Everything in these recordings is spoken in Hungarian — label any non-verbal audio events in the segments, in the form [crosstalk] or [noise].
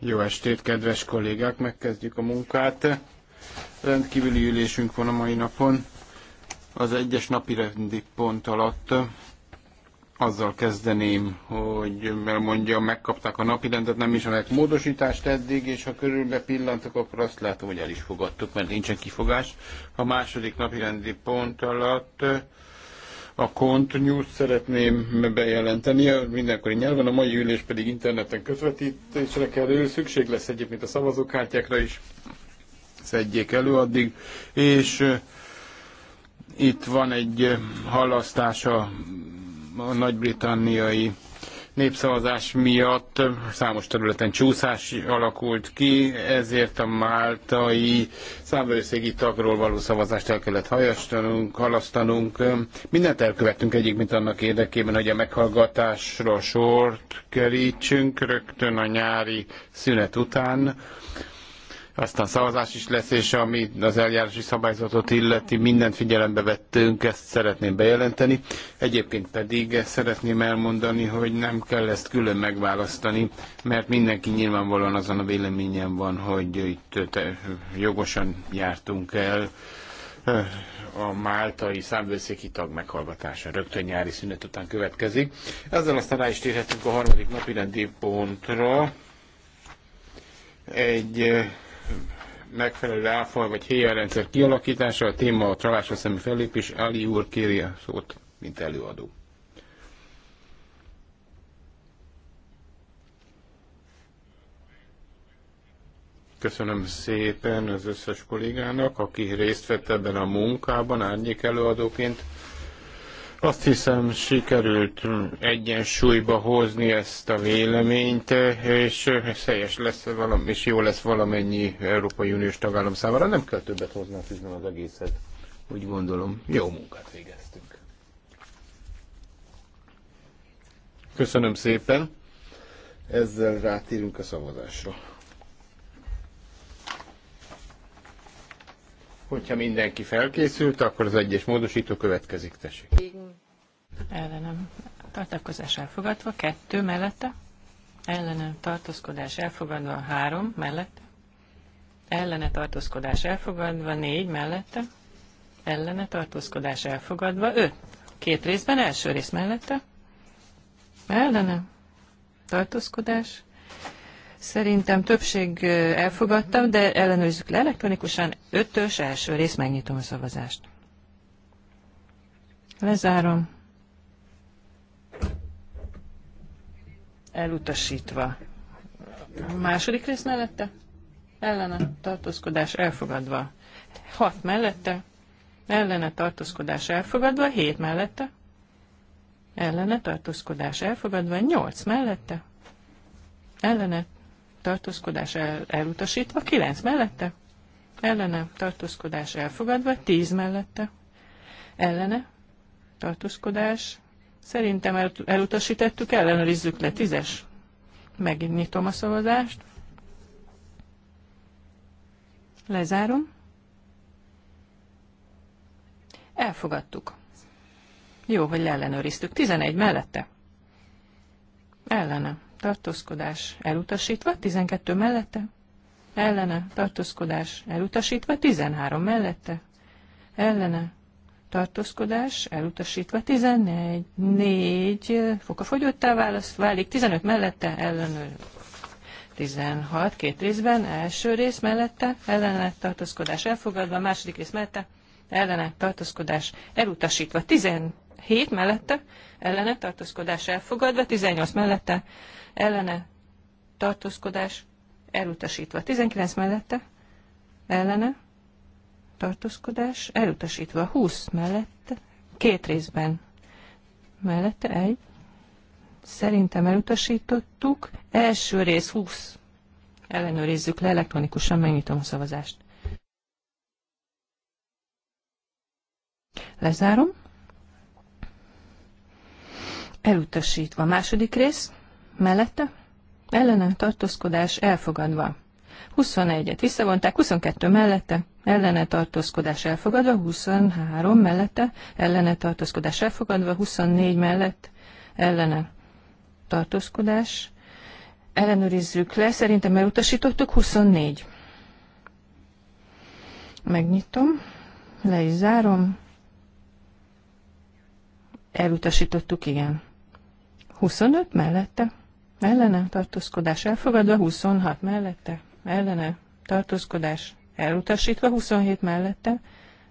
Jó estét, kedves kollégák! Megkezdjük a munkát. Rendkívüli ülésünk van a mai napon. Az egyes napi rendi pont alatt azzal kezdeném, hogy mondja, megkapták a napi rendet, nem is a módosítást eddig, és ha körülbe pillantok, akkor azt látom, hogy el is fogadtuk, mert nincsen kifogás. A második napi rendi pont alatt a Kont News szeretném bejelenteni, mindenkori nyelven, a mai ülés pedig interneten közvetítésre kerül, szükség lesz egyébként a szavazókártyákra is, szedjék elő addig, és eh, itt van egy eh, halasztás a nagy-britanniai népszavazás miatt számos területen csúszás alakult ki, ezért a máltai számvevőszégi tagról való szavazást el kellett hajastanunk, halasztanunk. Mindent elkövettünk egyik, mint annak érdekében, hogy a meghallgatásra sort kerítsünk rögtön a nyári szünet után aztán szavazás is lesz, és ami az eljárási szabályzatot illeti, mindent figyelembe vettünk, ezt szeretném bejelenteni. Egyébként pedig szeretném elmondani, hogy nem kell ezt külön megválasztani, mert mindenki nyilvánvalóan azon a véleményen van, hogy itt jogosan jártunk el a máltai számvőszéki tag meghallgatása rögtön nyári szünet után következik. Ezzel aztán rá is térhetünk a harmadik napi rendi pontra. Egy megfelelő áfa vagy héja rendszer kialakítása, a téma a csalásra szemű fellépés. Ali úr kéri a szót, mint előadó. Köszönöm szépen az összes kollégának, aki részt vett ebben a munkában, árnyék előadóként. Azt hiszem sikerült egyensúlyba hozni ezt a véleményt, és helyes lesz valami, és jó lesz valamennyi Európai Uniós tagállam számára. Nem kell többet hozzáfűznem az egészet. Úgy gondolom, jó munkát végeztünk. Köszönöm szépen. Ezzel rátérünk a szavazásra. Hogyha mindenki felkészült, akkor az egyes módosító következik, tessék ellenem tartózkodás elfogadva, kettő mellette, ellenem tartózkodás elfogadva, három mellette, ellene tartózkodás elfogadva, négy mellette, ellene tartózkodás elfogadva, öt. Két részben, első rész mellette, ellene tartózkodás. Szerintem többség elfogadtam, de ellenőrizzük le elektronikusan. Ötös első rész, megnyitom a szavazást. Lezárom. elutasítva. A második rész mellette, ellene tartózkodás elfogadva. hat mellette, ellene tartózkodás elfogadva, hét mellette, ellene tartózkodás elfogadva, nyolc mellette, ellene tartózkodás el, elutasítva, kilenc mellette, ellene tartózkodás elfogadva, tíz mellette, ellene tartózkodás Szerintem el, elutasítettük, ellenőrizzük le. Tízes. Megint nyitom a szavazást. Lezárom. Elfogadtuk. Jó, hogy leellenőriztük. 11 mellette. Ellene. Tartózkodás elutasítva. 12 mellette. Ellene. Tartózkodás elutasítva. 13 mellette. Ellene tartózkodás elutasítva, 14, 4 fok a fogyottá választ, válik, 15 mellette ellenőr. 16, két részben, első rész mellette, ellene tartózkodás elfogadva, második rész mellette, ellene tartózkodás elutasítva, 17 mellette, ellene tartózkodás elfogadva, 18 mellette, ellene tartózkodás elutasítva, 19 mellette, ellene tartózkodás elutasítva. 20 mellette, két részben mellette, egy. Szerintem elutasítottuk. Első rész 20. Ellenőrizzük le elektronikusan, megnyitom a szavazást. Lezárom. Elutasítva. Második rész mellette, ellenem tartózkodás elfogadva. 21-et visszavonták, 22 mellette, ellene tartózkodás elfogadva, 23 mellette, ellene tartózkodás elfogadva, 24 mellett, ellene tartózkodás. Ellenőrizzük le, szerintem elutasítottuk, 24. Megnyitom, le is zárom. Elutasítottuk, igen. 25 mellette, ellene tartózkodás elfogadva, 26 mellette, ellene tartózkodás elutasítva, 27 mellette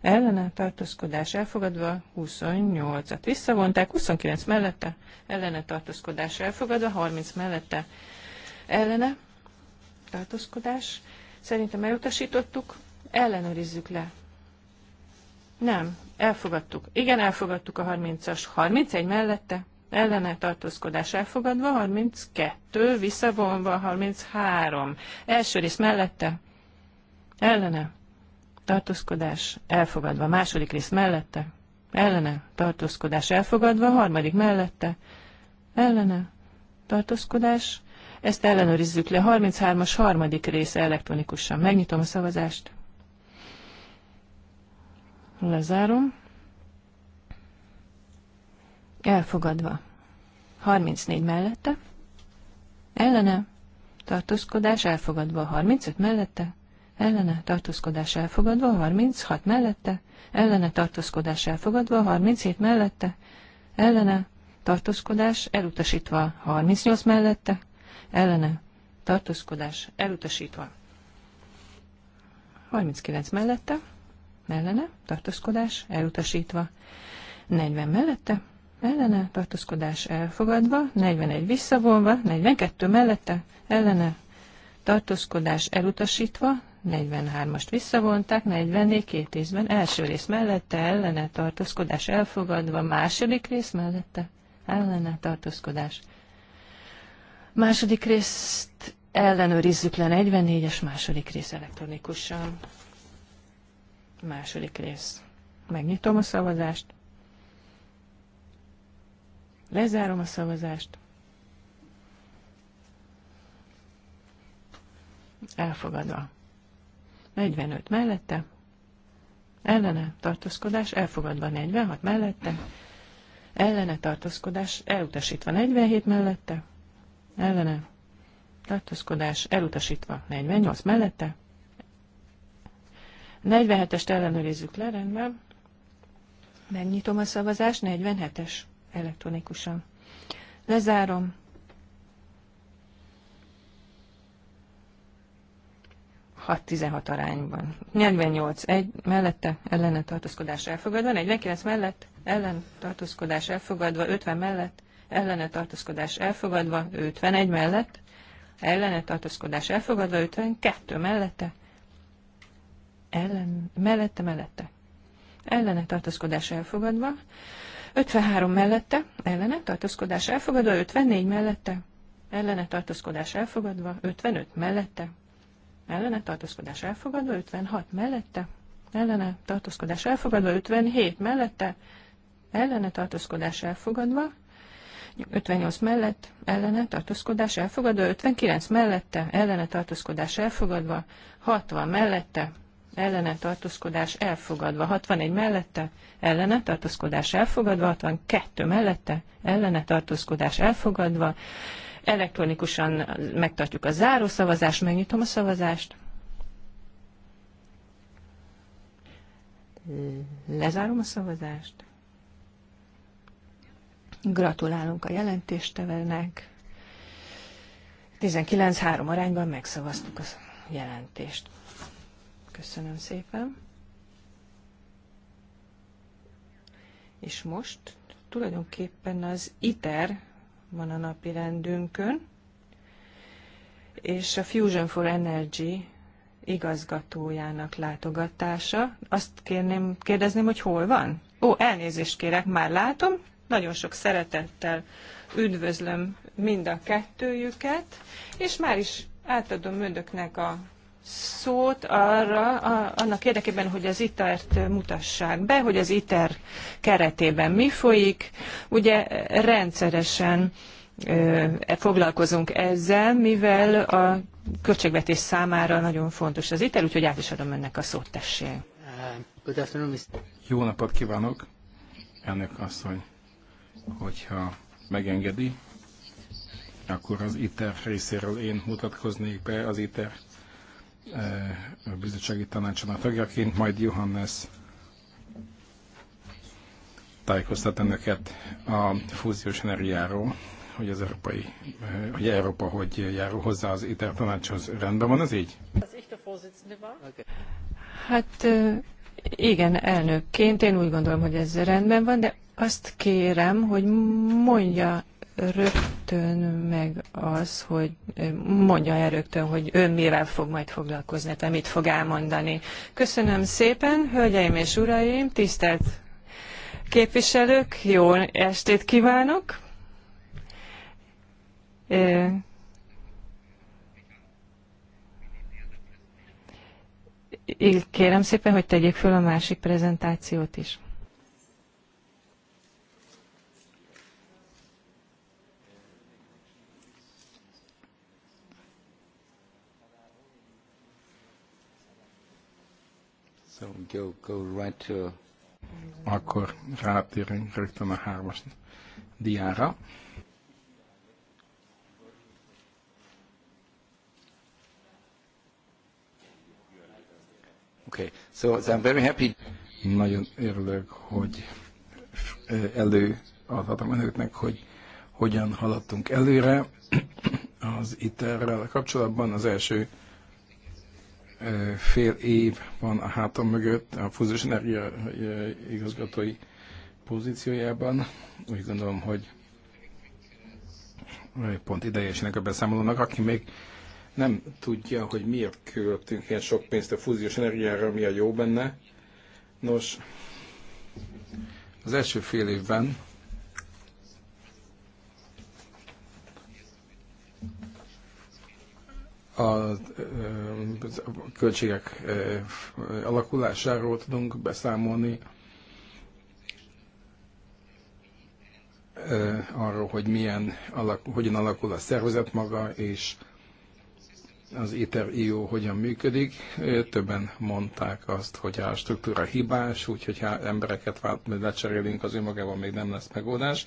ellene tartózkodás elfogadva, 28-at visszavonták, 29 mellette ellene tartózkodás elfogadva, 30 mellette ellene tartózkodás. Szerintem elutasítottuk, ellenőrizzük le. Nem, elfogadtuk. Igen, elfogadtuk a 30-as. 31 mellette ellene tartózkodás elfogadva, 32 visszavonva, 33 első rész mellette ellene, tartózkodás elfogadva. Második rész mellette, ellene, tartózkodás elfogadva. Harmadik mellette, ellene, tartózkodás. Ezt ellenőrizzük le. 33-as harmadik rész elektronikusan. Megnyitom a szavazást. Lezárom. Elfogadva. 34 mellette. Ellene. Tartózkodás elfogadva. 35 mellette ellene tartózkodás elfogadva, 36 mellette, ellene tartózkodás elfogadva, 37 mellette, ellene tartózkodás elutasítva, 38 mellette, ellene tartózkodás elutasítva. 39 mellette, ellene tartózkodás elutasítva, 40 mellette, ellene tartózkodás elfogadva, 41 visszavonva, 42 mellette, ellene tartózkodás elutasítva, 43-ast visszavonták, 44 két részben, első rész mellette, ellene tartózkodás elfogadva, második rész mellette, ellene tartózkodás. Második részt ellenőrizzük le 44-es második rész elektronikusan. Második rész. Megnyitom a szavazást. Lezárom a szavazást. Elfogadva. 45 mellette, ellene tartózkodás elfogadva 46 mellette, ellene tartózkodás elutasítva 47 mellette, ellene tartózkodás elutasítva 48 mellette, 47-est ellenőrizzük le, rendben. Megnyitom a szavazást, 47-es elektronikusan. Lezárom. 6-16 arányban. 48 1 mellette ellene tartózkodás elfogadva, 49 mellett ellen tartózkodás elfogadva, 50 mellett ellene tartózkodás elfogadva, 51 mellett ellene tartózkodás elfogadva, 52 mellette ellen, mellette, mellette. Ellene tartózkodás elfogadva, 53 mellette, ellene tartózkodás elfogadva, 54 mellette, ellene tartózkodás elfogadva, 55 mellette, ellene tartózkodás elfogadva, 56 mellette, ellene tartózkodás elfogadva, 57 mellette, ellene tartózkodás elfogadva, 58 mellett ellene tartózkodás elfogadva, 59 mellette ellene tartózkodás elfogadva, 60 mellette ellene tartózkodás elfogadva, 61 mellette ellene tartózkodás elfogadva, 62 mellette ellene tartózkodás elfogadva. Elektronikusan megtartjuk a záró szavazást, megnyitom a szavazást. Lezárom a szavazást. Gratulálunk a jelentéstevőnek. 19-3 arányban megszavaztuk a jelentést. Köszönöm szépen. És most tulajdonképpen az ITER van a napi rendünkön, és a Fusion for Energy igazgatójának látogatása. Azt kérném, kérdezném, hogy hol van? Ó, elnézést kérek, már látom. Nagyon sok szeretettel üdvözlöm mind a kettőjüket, és már is átadom önöknek a szót arra, a, annak érdekében, hogy az ITER-t e mutassák be, hogy az ITER keretében mi folyik. Ugye rendszeresen ö, foglalkozunk ezzel, mivel a költségvetés számára nagyon fontos az ITER, úgyhogy át is adom önnek a szót, tessék. Jó napot kívánok, elnök asszony, hogyha megengedi, akkor az ITER részéről én mutatkoznék be az ITER Eh, a bizottsági tanácsának tagjaként, majd Johannes tájékoztat önöket a fúziós energiáról, hogy az európai, eh, hogy Európa hogy járul hozzá az ITER tanácshoz. Rendben van ez így? Hát igen, elnökként én úgy gondolom, hogy ez rendben van, de azt kérem, hogy mondja rögtön meg az, hogy mondja el rögtön, hogy ön mivel fog majd foglalkozni, tehát mit fog elmondani. Köszönöm szépen, hölgyeim és uraim, tisztelt képviselők, jó estét kívánok! Kérem szépen, hogy tegyék föl a másik prezentációt is. go, go right to... Akkor rátérünk rögtön a hármas diára. Okay, so, so I'm very happy. Nagyon örülök, hogy eh, elő adhatom önöknek, hogy hogyan haladtunk előre az iterrel kapcsolatban. Az első fél év van a hátam mögött a fúziós energia igazgatói pozíciójában. Úgy gondolom, hogy pont idejesnek a beszámolónak, aki még nem tudja, hogy miért költünk ilyen sok pénzt a fúziós energiára, mi a jó benne. Nos, az első fél évben a költségek alakulásáról tudunk beszámolni, arról, hogy milyen, alakul, hogyan alakul a szervezet maga, és az ITER-IO hogyan működik. Többen mondták azt, hogy a struktúra hibás, úgyhogy ha embereket lecserélünk, az önmagában még nem lesz megoldás.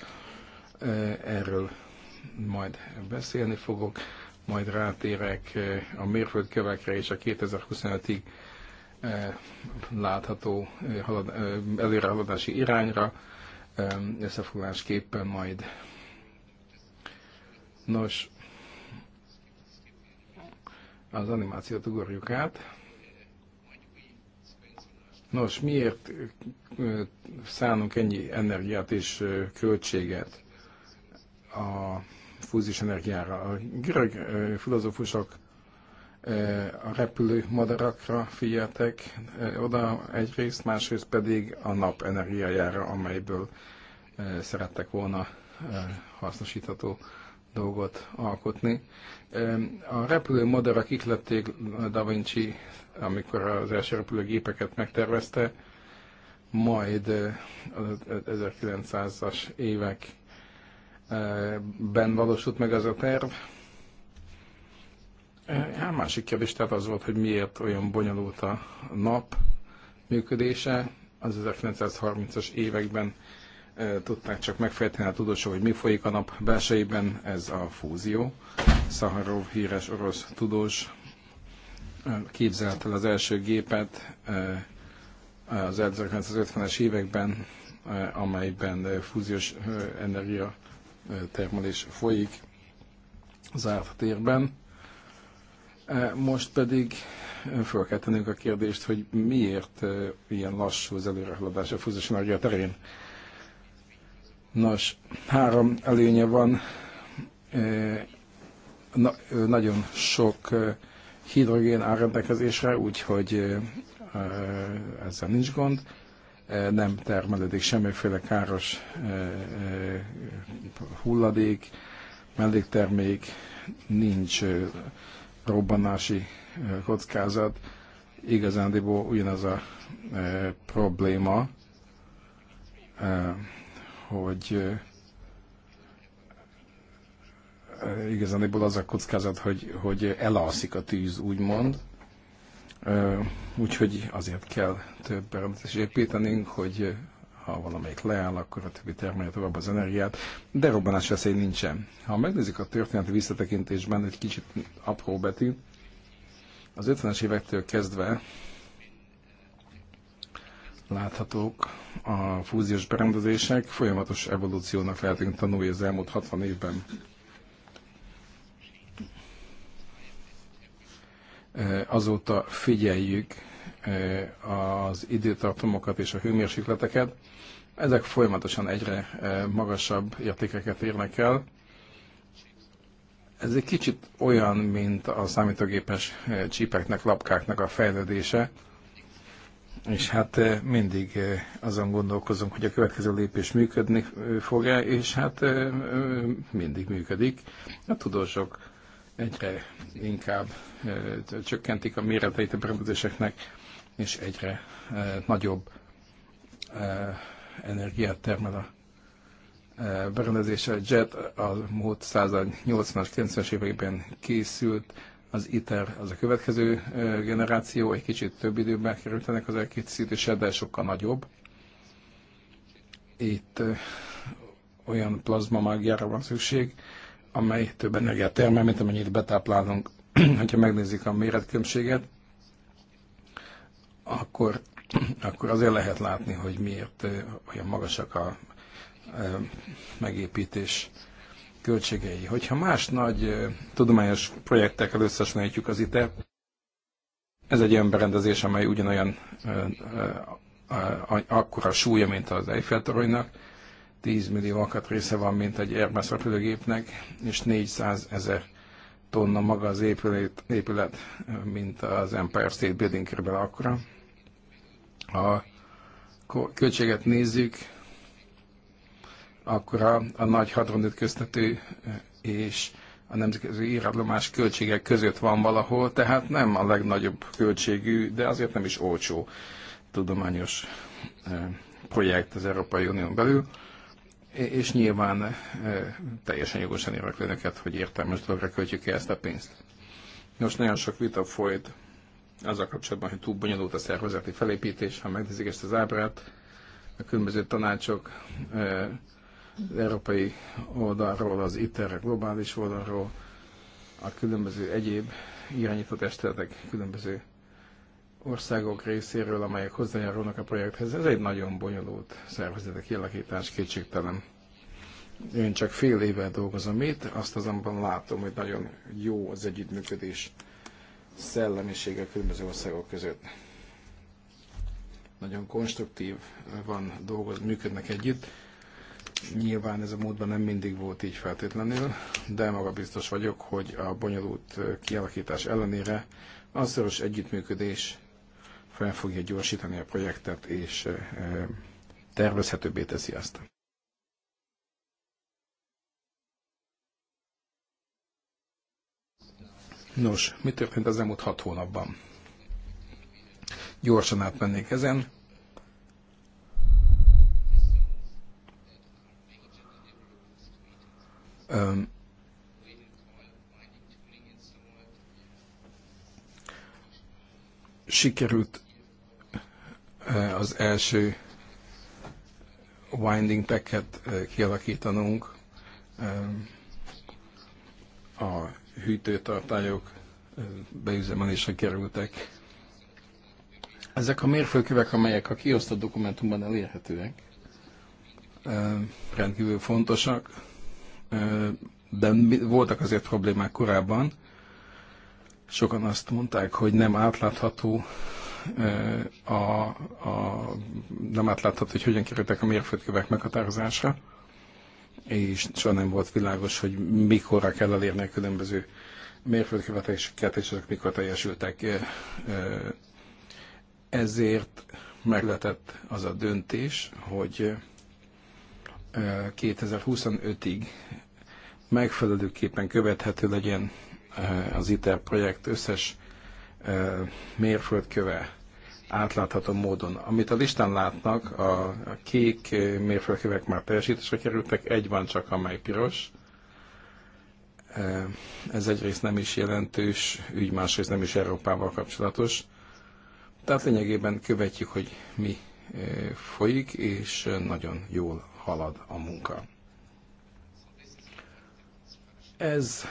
Erről majd beszélni fogok majd rátérek eh, a mérföldkövekre és a 2025-ig eh, látható eh, halad, előrehaladási irányra, összefoglásképpen majd. Nos, az animációt ugorjuk át. Nos, miért szánunk ennyi energiát és költséget a fúzis energiára. A görög filozófusok a repülő madarakra figyeltek oda egyrészt, másrészt pedig a nap energiájára, amelyből szerettek volna hasznosítható dolgot alkotni. A repülő madarak ihlették Da Vinci, amikor az első repülőgépeket megtervezte, majd 1900-as évek ben valósult meg az a terv. A hát másik kérdés tehát az volt, hogy miért olyan bonyolult a nap működése. Az 1930-as években tudták csak megfejteni a tudósok, hogy mi folyik a nap belsejében, ez a fúzió. Szaharov, híres orosz tudós, képzelt el az első gépet az 1950-es években, amelyben fúziós energia termelés folyik zárt térben. E, most pedig e, fel kell tennünk a kérdést, hogy miért e, ilyen lassú az előrehaladás a fúzós energia terén. Nos, három előnye van. Na, nagyon sok hidrogén áll rendelkezésre, úgyhogy ezzel nincs gond. Eh, nem termelődik semmiféle káros eh, eh, hulladék, melléktermék, nincs robbanási kockázat. Igazándiból ugyanaz a probléma, hogy igazándiból az a kockázat, hogy, hogy elalszik a tűz, úgymond, Úgyhogy azért kell több berendezést építenünk, hogy ha valamelyik leáll, akkor a többi termelje tovább az energiát, de robbanás veszély nincsen. Ha megnézzük a történeti visszatekintésben, egy kicsit apró betű, az 50-es évektől kezdve láthatók a fúziós berendezések, folyamatos evolúciónak lehetünk tanulni az elmúlt 60 évben. Azóta figyeljük az időtartamokat és a hőmérsékleteket. Ezek folyamatosan egyre magasabb értékeket érnek el. Ez egy kicsit olyan, mint a számítógépes csípeknek, lapkáknak a fejlődése, és hát mindig azon gondolkozunk, hogy a következő lépés működni fog-e, és hát mindig működik. A tudósok egyre inkább csökkentik a méreteit a berendezéseknek, és egyre nagyobb energiát termel a berendezés. A JET a múlt 180 as 90-es években készült, az ITER az a következő generáció, egy kicsit több időben került ennek az elkészítése, de sokkal nagyobb. Itt olyan plazma mágiára van szükség, amely több energiát termel, mint amennyit betáplálunk. [clears throat] ha megnézik a méretkülönbséget, akkor, akkor azért lehet látni, hogy miért olyan magasak a megépítés költségei. Hogyha más nagy tudományos projektekkel összesnéljük az ITER, ez egy olyan berendezés, amely ugyanolyan akkora súlya, mint az Eiffel toronynak, 10 millió alkatrésze van, mint egy Airbus repülőgépnek, és 400 ezer tonna maga az épület, épület mint az Empire State Building körülbelül akkora. Ha a költséget nézzük, akkor a, a nagy köztető és a nemzetközi iratlomás költségek között van valahol, tehát nem a legnagyobb költségű, de azért nem is olcsó tudományos eh, projekt az Európai Unión belül és nyilván e, teljesen jogosan érveklő neked, hogy értelmes dologra költjük ezt a pénzt. Most nagyon sok vita folyt azzal kapcsolatban, hogy túl bonyolult a szervezeti felépítés, ha megnézik ezt az ábrát, a különböző tanácsok e, az európai oldalról, az ITER globális oldalról, a különböző egyéb irányított testületek különböző országok részéről, amelyek hozzájárulnak a projekthez. Ez egy nagyon bonyolult szervezetek kialakítás, kétségtelen. Én csak fél éve dolgozom itt, azt azonban látom, hogy nagyon jó az együttműködés szellemisége a különböző országok között. Nagyon konstruktív van dolgoz, működnek együtt. Nyilván ez a módban nem mindig volt így feltétlenül, de maga biztos vagyok, hogy a bonyolult kialakítás ellenére a szoros együttműködés fel fogja gyorsítani a projektet, és eh, tervezhetőbbé teszi azt. Nos, mi történt az elmúlt hat hónapban? Gyorsan átmennék ezen. Um, Sikerült az első winding packet kialakítanunk, a hűtőtartályok beüzemelésre kerültek. Ezek a mérfőkövek, amelyek a kiosztott dokumentumban elérhetőek, rendkívül fontosak, de voltak azért problémák korábban. Sokan azt mondták, hogy nem átlátható a, a, nem átlátható, hogy hogyan kerültek a mérföldkövek meghatározásra, és soha nem volt világos, hogy mikorra kell elérni a különböző mérföldkövetéseket, és azok mikor teljesültek. Ezért megletett az a döntés, hogy 2025-ig megfelelőképpen követhető legyen Eh, az ITER projekt összes eh, mérföldköve átlátható módon. Amit a listán látnak, a kék eh, mérföldkövek már teljesítésre kerültek, egy van csak, amely piros. Ez egyrészt nem is jelentős ügy, másrészt nem is Európával kapcsolatos. Tehát lényegében követjük, hogy mi folyik, és nagyon jól halad a munka. Ez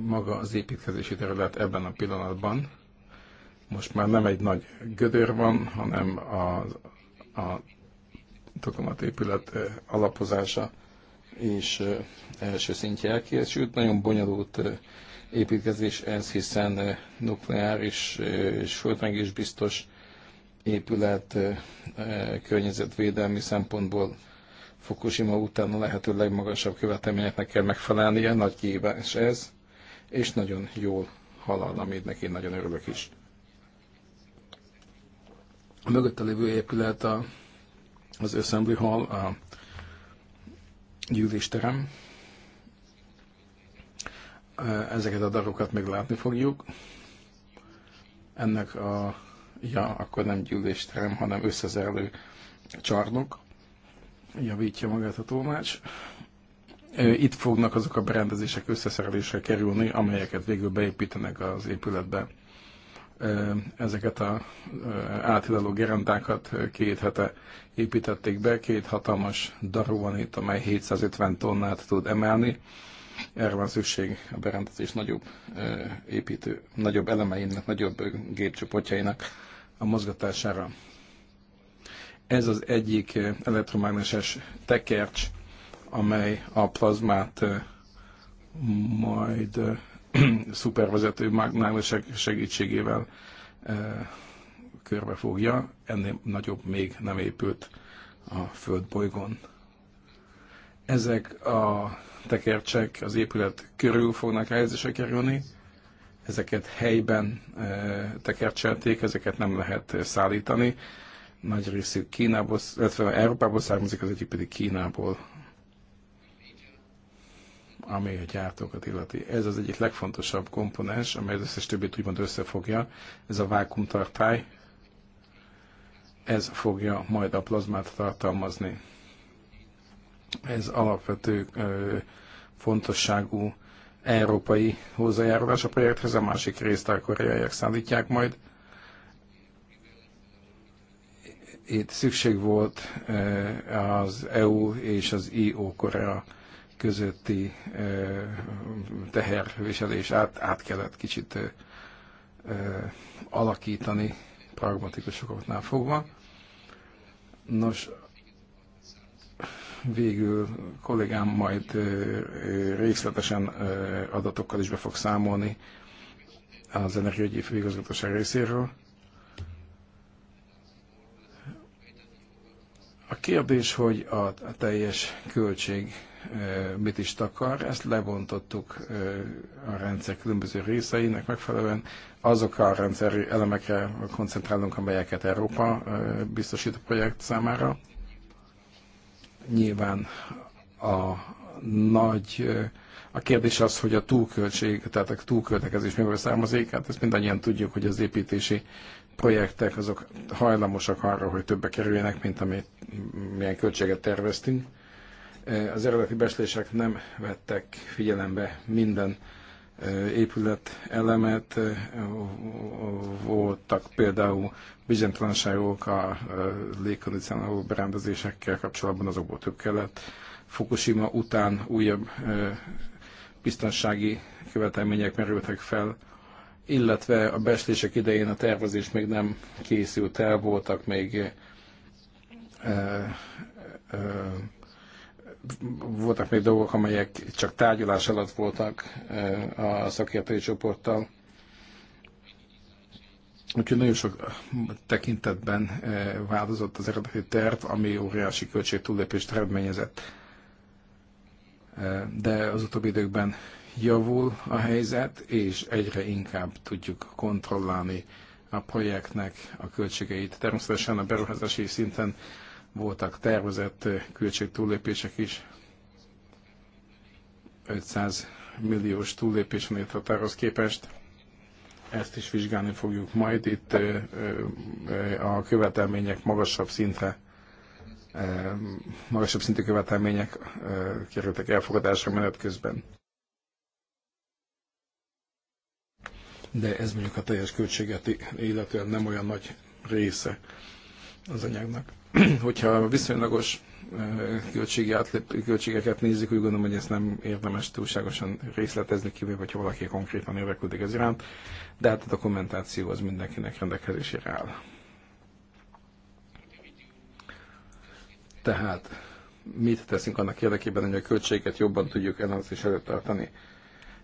maga az építkezési terület ebben a pillanatban. Most már nem egy nagy gödör van, hanem a, a épület eh, alapozása és eh, első szintje elkészült. Nagyon bonyolult eh, építkezés ez, hiszen nukleáris és is biztos épület környezetvédelmi szempontból Fukushima után a lehető legmagasabb követelményeknek kell megfelelnie, nagy kihívás ez, és nagyon jól halad, amit neki nagyon örülök is. A mögötte lévő épület a, az Assembly Hall, a gyűlésterem. Ezeket a darokat még látni fogjuk. Ennek a, ja, akkor nem gyűlésterem, hanem összezerlő csarnok javítja magát a tolmács. Itt fognak azok a berendezések összeszerelésre kerülni, amelyeket végül beépítenek az épületbe. Ezeket a áthidaló gerendákat két hete építették be, két hatalmas daru van itt, amely 750 tonnát tud emelni. Erre van szükség a berendezés nagyobb építő, nagyobb elemeinek, nagyobb gépcsoportjainak a mozgatására. Ez az egyik eh, elektromágneses tekercs, amely a plazmát eh, majd eh, [clears throat] szupervezető mágnesek segítségével körbe fogja, ennél nagyobb még nem épült a földbolygón. Ezek a tekercsek az épület körül fognak helyezésre kerülni, ezeket helyben tekercselték, ezeket nem lehet szállítani, nagy részük Kínából, illetve Európából származik, az egyik pedig Kínából, ami a gyártókat illeti. Ez az egyik legfontosabb komponens, amely az összes többit úgymond összefogja, ez a vákumtartály, ez fogja majd a plazmát tartalmazni. Ez alapvető ö, fontosságú európai hozzájárulás a projekthez, a másik részt a koreaiak szállítják majd itt szükség volt e, az EU és az IO Korea közötti e, teherviselés át, át kellett kicsit e, alakítani pragmatikusoknál fogva. Nos, végül kollégám majd részletesen adatokkal is be fog számolni az energiaügyi főigazgatóság részéről A kérdés, hogy a teljes költség mit is takar, ezt lebontottuk a rendszer különböző részeinek megfelelően. Azok a rendszer elemekre koncentrálunk, amelyeket Európa biztosít a projekt számára. Nyilván a nagy a kérdés az, hogy a túlköltség, tehát a túlköltekezés miből származik, hát ezt mindannyian tudjuk, hogy az építési projektek azok hajlamosak arra, hogy többe kerüljenek, mint amit milyen költséget terveztünk. Az eredeti beszélések nem vettek figyelembe minden épület elemet, voltak például bizonytalanságok a légkondicionáló berendezésekkel kapcsolatban, azokból több kellett. Fukushima után újabb biztonsági követelmények merültek fel, illetve a beszélések idején a tervezés még nem készült el, voltak még voltak még dolgok, amelyek csak tárgyalás alatt voltak a szakértői csoporttal. Úgyhogy nagyon sok tekintetben változott az eredeti terv, ami óriási költség túllépést eredményezett. De az utóbbi időkben javul a helyzet, és egyre inkább tudjuk kontrollálni a projektnek a költségeit. Természetesen a beruházási szinten voltak tervezett eh, költség túllépések is. 500 milliós túllépés a névhatárhoz képest. Ezt is vizsgálni fogjuk majd. Itt eh, eh, a követelmények magasabb szintre magasabb szintű követelmények kerültek elfogadásra menet közben. De ez mondjuk a teljes költséget illetően nem olyan nagy része az anyagnak. [clears throat] hogyha viszonylagos költségi átlép, költségeket nézzük, úgy gondolom, hogy ezt nem érdemes túlságosan részletezni, kivéve, hogyha valaki konkrétan érdeklődik ez iránt, de hát a dokumentáció az mindenkinek rendelkezésére áll. Tehát mit teszünk annak érdekében, hogy a költséget jobban tudjuk ellenőrzés előtt tartani?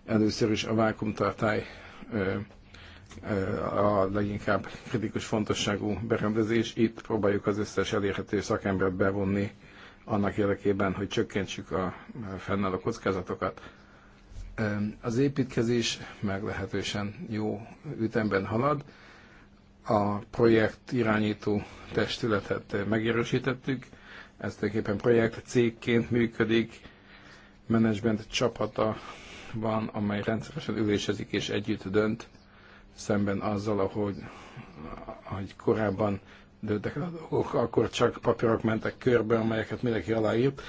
Először is a vákumtartály a leginkább kritikus fontosságú berendezés. Itt próbáljuk az összes elérhető szakembert bevonni annak érdekében, hogy csökkentsük a fennálló kockázatokat. Az építkezés meglehetősen jó ütemben halad. A projekt irányító testületet megerősítettük. Ez tulajdonképpen projekt cégként működik, menedzsment csapata van, amely rendszeresen ülésezik és együtt dönt szemben azzal, ahogy, ahogy korábban dőltek a dolgok, akkor csak papírok mentek körbe, amelyeket mindenki aláírt.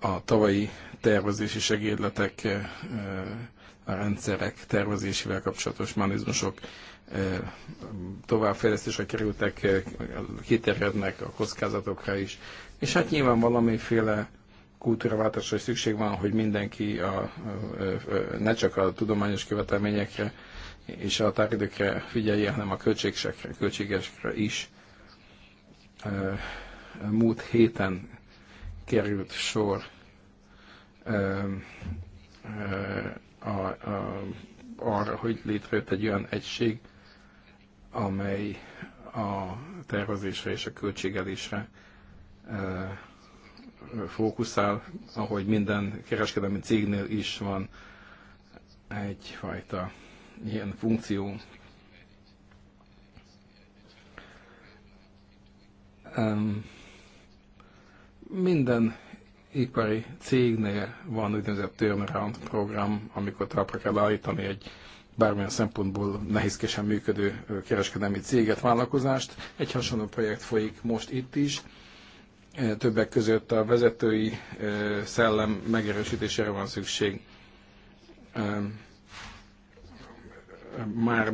A tavalyi tervezési segédletek, eh, a rendszerek tervezésével kapcsolatos manizmusok eh, továbbfejlesztésre kerültek, eh, kiterjednek a kockázatokra is, és hát nyilván valamiféle kultúraváltásra is szükség van, hogy mindenki a, ne csak a tudományos követelményekre és a határidőkre figyelje, hanem a költségesekre, költségesekre is. Múlt héten került sor a, a, arra, hogy létrejött egy olyan egység, amely a tervezésre és a költségelésre fókuszál, ahogy minden kereskedelmi cégnél is van egyfajta ilyen funkció. Minden ipari cégnél van úgynevezett turnaround program, amikor talpra kell állítani egy bármilyen szempontból nehézkesen működő kereskedelmi céget, vállalkozást. Egy hasonló projekt folyik most itt is E, többek között a vezetői e, szellem megerősítésére van szükség. E, már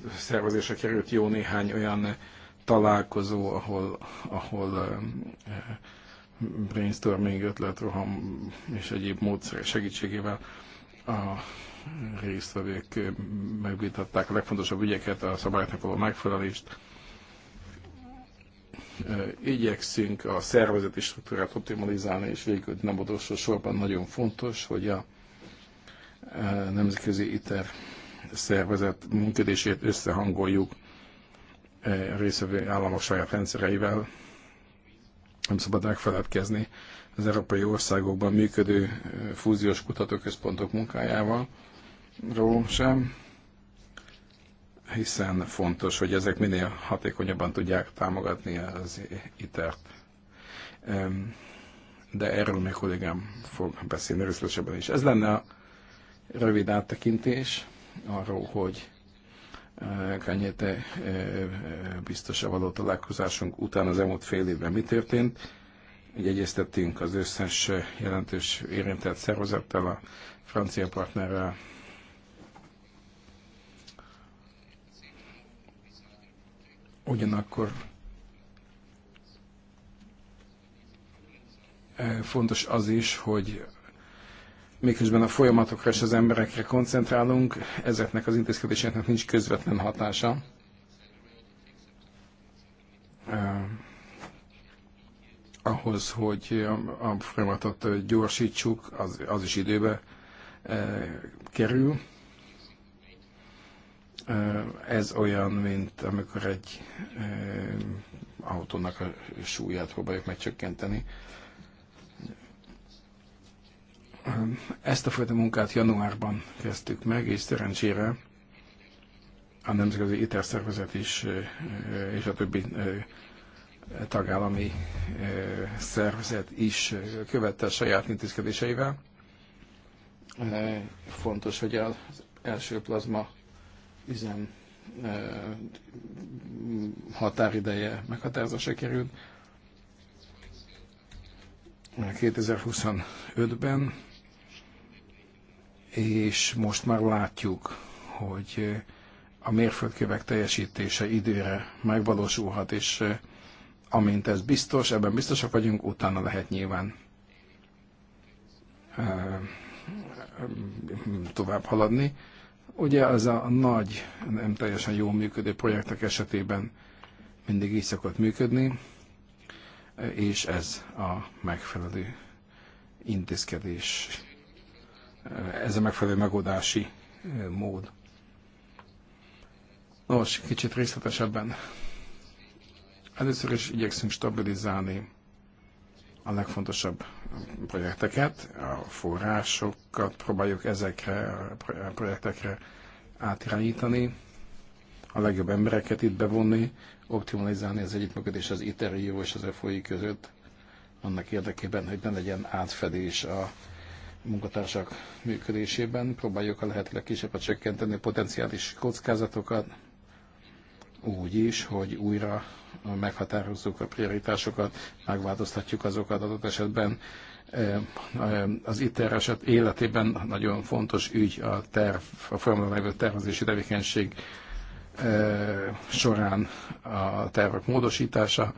megszervezésre került jó néhány olyan találkozó, ahol, ahol brainstorming, ötletroham és egyéb módszer segítségével a résztvevők megvitatták a legfontosabb ügyeket, a szabályoknak való megfelelést, igyekszünk a szervezeti struktúrát optimalizálni, és végül nem utolsó sorban nagyon fontos, hogy a nemzetközi ITER szervezet működését összehangoljuk részvevő államok saját rendszereivel. Nem szabad megfeledkezni az európai országokban működő fúziós kutatóközpontok munkájával ról sem hiszen fontos, hogy ezek minél hatékonyabban tudják támogatni az itert. De erről még kollégám fog beszélni részletesebben is. Ez lenne a rövid áttekintés arról, hogy eh, Kanyete eh, eh, biztos a való találkozásunk után az elmúlt fél évben mi történt. Így egyeztettünk az összes jelentős érintett szervezettel, a francia partnerrel, Ugyanakkor e, fontos az is, hogy miközben a folyamatokra és az emberekre koncentrálunk, ezeknek az intézkedéseknek nincs közvetlen hatása. E, ahhoz, hogy a, folyamatot gyorsítsuk, az, az is időbe e, kerül. Ez olyan, mint amikor egy autónak a súlyát próbáljuk megcsökkenteni. Ezt a fajta munkát januárban kezdtük meg, és szerencsére a Nemzetközi Iterszervezet is, és a többi tagállami szervezet is követte a saját intézkedéseivel. Fontos, hogy az első plazma üzem határideje meghatározása került. 2025-ben, és most már látjuk, hogy a mérföldkövek teljesítése időre megvalósulhat, és amint ez biztos, ebben biztosak vagyunk, utána lehet nyilván tovább haladni. Ugye az a nagy, nem teljesen jól működő projektek esetében mindig így szokott működni, és ez a megfelelő intézkedés, ez a megfelelő megoldási mód. Nos, kicsit részletesebben. Először is igyekszünk stabilizálni a legfontosabb projekteket, a források forrásokat próbáljuk ezekre a projektekre átirányítani, a legjobb embereket itt bevonni, optimalizálni az együttműködés az ITERIO és az FOI között, annak érdekében, hogy ne legyen átfedés a munkatársak működésében, próbáljuk a lehető legkisebbet csökkenteni a potenciális kockázatokat, úgy is, hogy újra meghatározzuk a prioritásokat, megváltoztatjuk azokat adott esetben, Eh, eh, az ITER eset életében nagyon fontos ügy a terv, a folyamatban lévő tervezési tevékenység eh, során a tervek módosítása.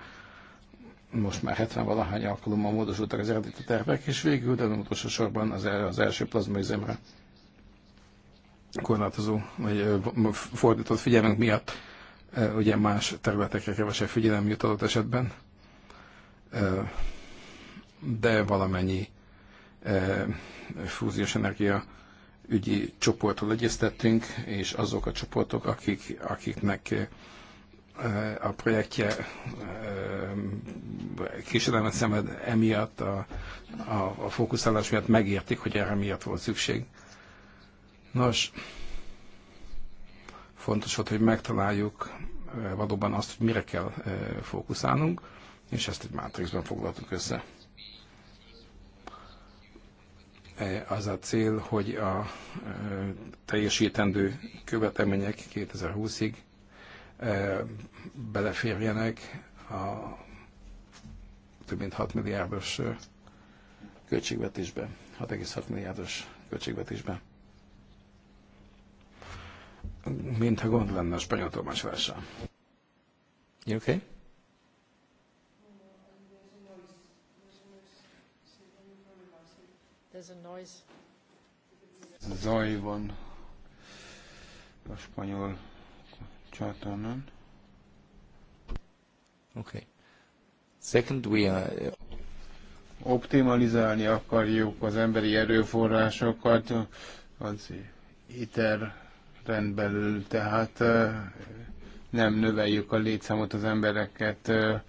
Most már 70 valahány alkalommal módosultak az eredeti tervek, és végül, de nem utolsó sorban az, az első plazmaüzemre korlátozó, vagy fordított figyelmünk miatt ugye más területekre kevesebb figyelem jutott esetben de valamennyi e, fúziós energia ügyi csoportot egyeztettünk, és azok a csoportok, akik, akiknek e, a projektje e, kísérlemet szenved emiatt, a, a, a fókuszálás miatt megértik, hogy erre miatt volt szükség. Nos, fontos volt, hogy megtaláljuk valóban azt, hogy mire kell fókuszálnunk, és ezt egy mátrixban foglaltuk össze. Eh, az a cél, hogy a eh, teljesítendő követelmények 2020-ig eh, beleférjenek a több mint 6 milliárdos költségvetésbe, 6,6 milliárdos költségvetésbe. Mintha gond lenne a spanyol tolmácsolással. You okay? Zaj van a spanyol csatornán. Okay. Second, we are... Uh, Optimalizálni akarjuk az emberi erőforrásokat az ITER rendbelül, tehát uh, nem növeljük a létszámot az embereket uh,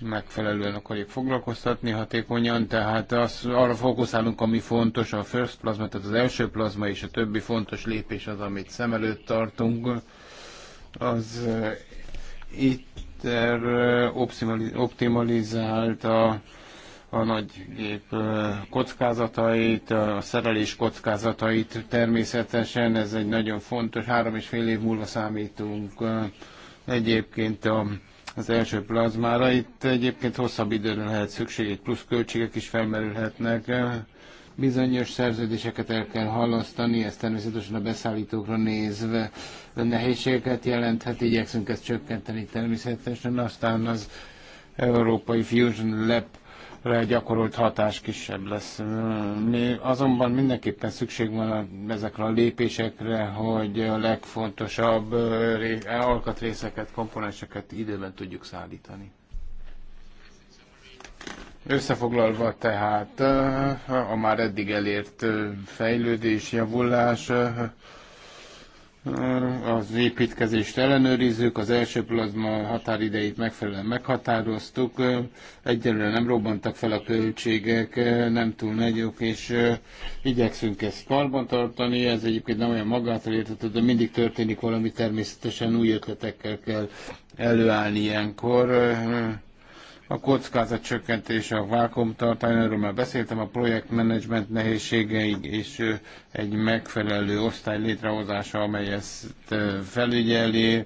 megfelelően akarjuk foglalkoztatni hatékonyan, tehát az, arra fókuszálunk, ami fontos, a first plasma, tehát az első plazma és a többi fontos lépés az, amit szem előtt tartunk. Az uh, itt uh, optimalizált a, a nagy gép uh, kockázatait, a szerelés kockázatait természetesen, ez egy nagyon fontos, három és fél év múlva számítunk. Uh, egyébként a az első plazmára. Itt egyébként hosszabb időre lehet szükség, egy plusz költségek is felmerülhetnek. Bizonyos szerződéseket el kell halasztani, ez természetesen a beszállítókra nézve a nehézségeket jelenthet, igyekszünk ezt csökkenteni természetesen. Aztán az Európai Fusion Lab gyakorolt hatás kisebb lesz. Mi azonban mindenképpen szükség van ezekre a lépésekre, hogy a legfontosabb alkatrészeket, komponenseket időben tudjuk szállítani. Összefoglalva tehát a már eddig elért fejlődés, javulás az építkezést ellenőrizzük, az első plazma határideit megfelelően meghatároztuk, egyelőre nem robbantak fel a költségek, nem túl nagyok, és igyekszünk ezt karbantartani, ez egyébként nem olyan magától értető, de mindig történik valami, természetesen új ötletekkel kell előállni ilyenkor a kockázatcsökkentés, a vákumtartály, erről már beszéltem, a projektmenedzsment nehézségeig és egy megfelelő osztály létrehozása, amely ezt felügyeli,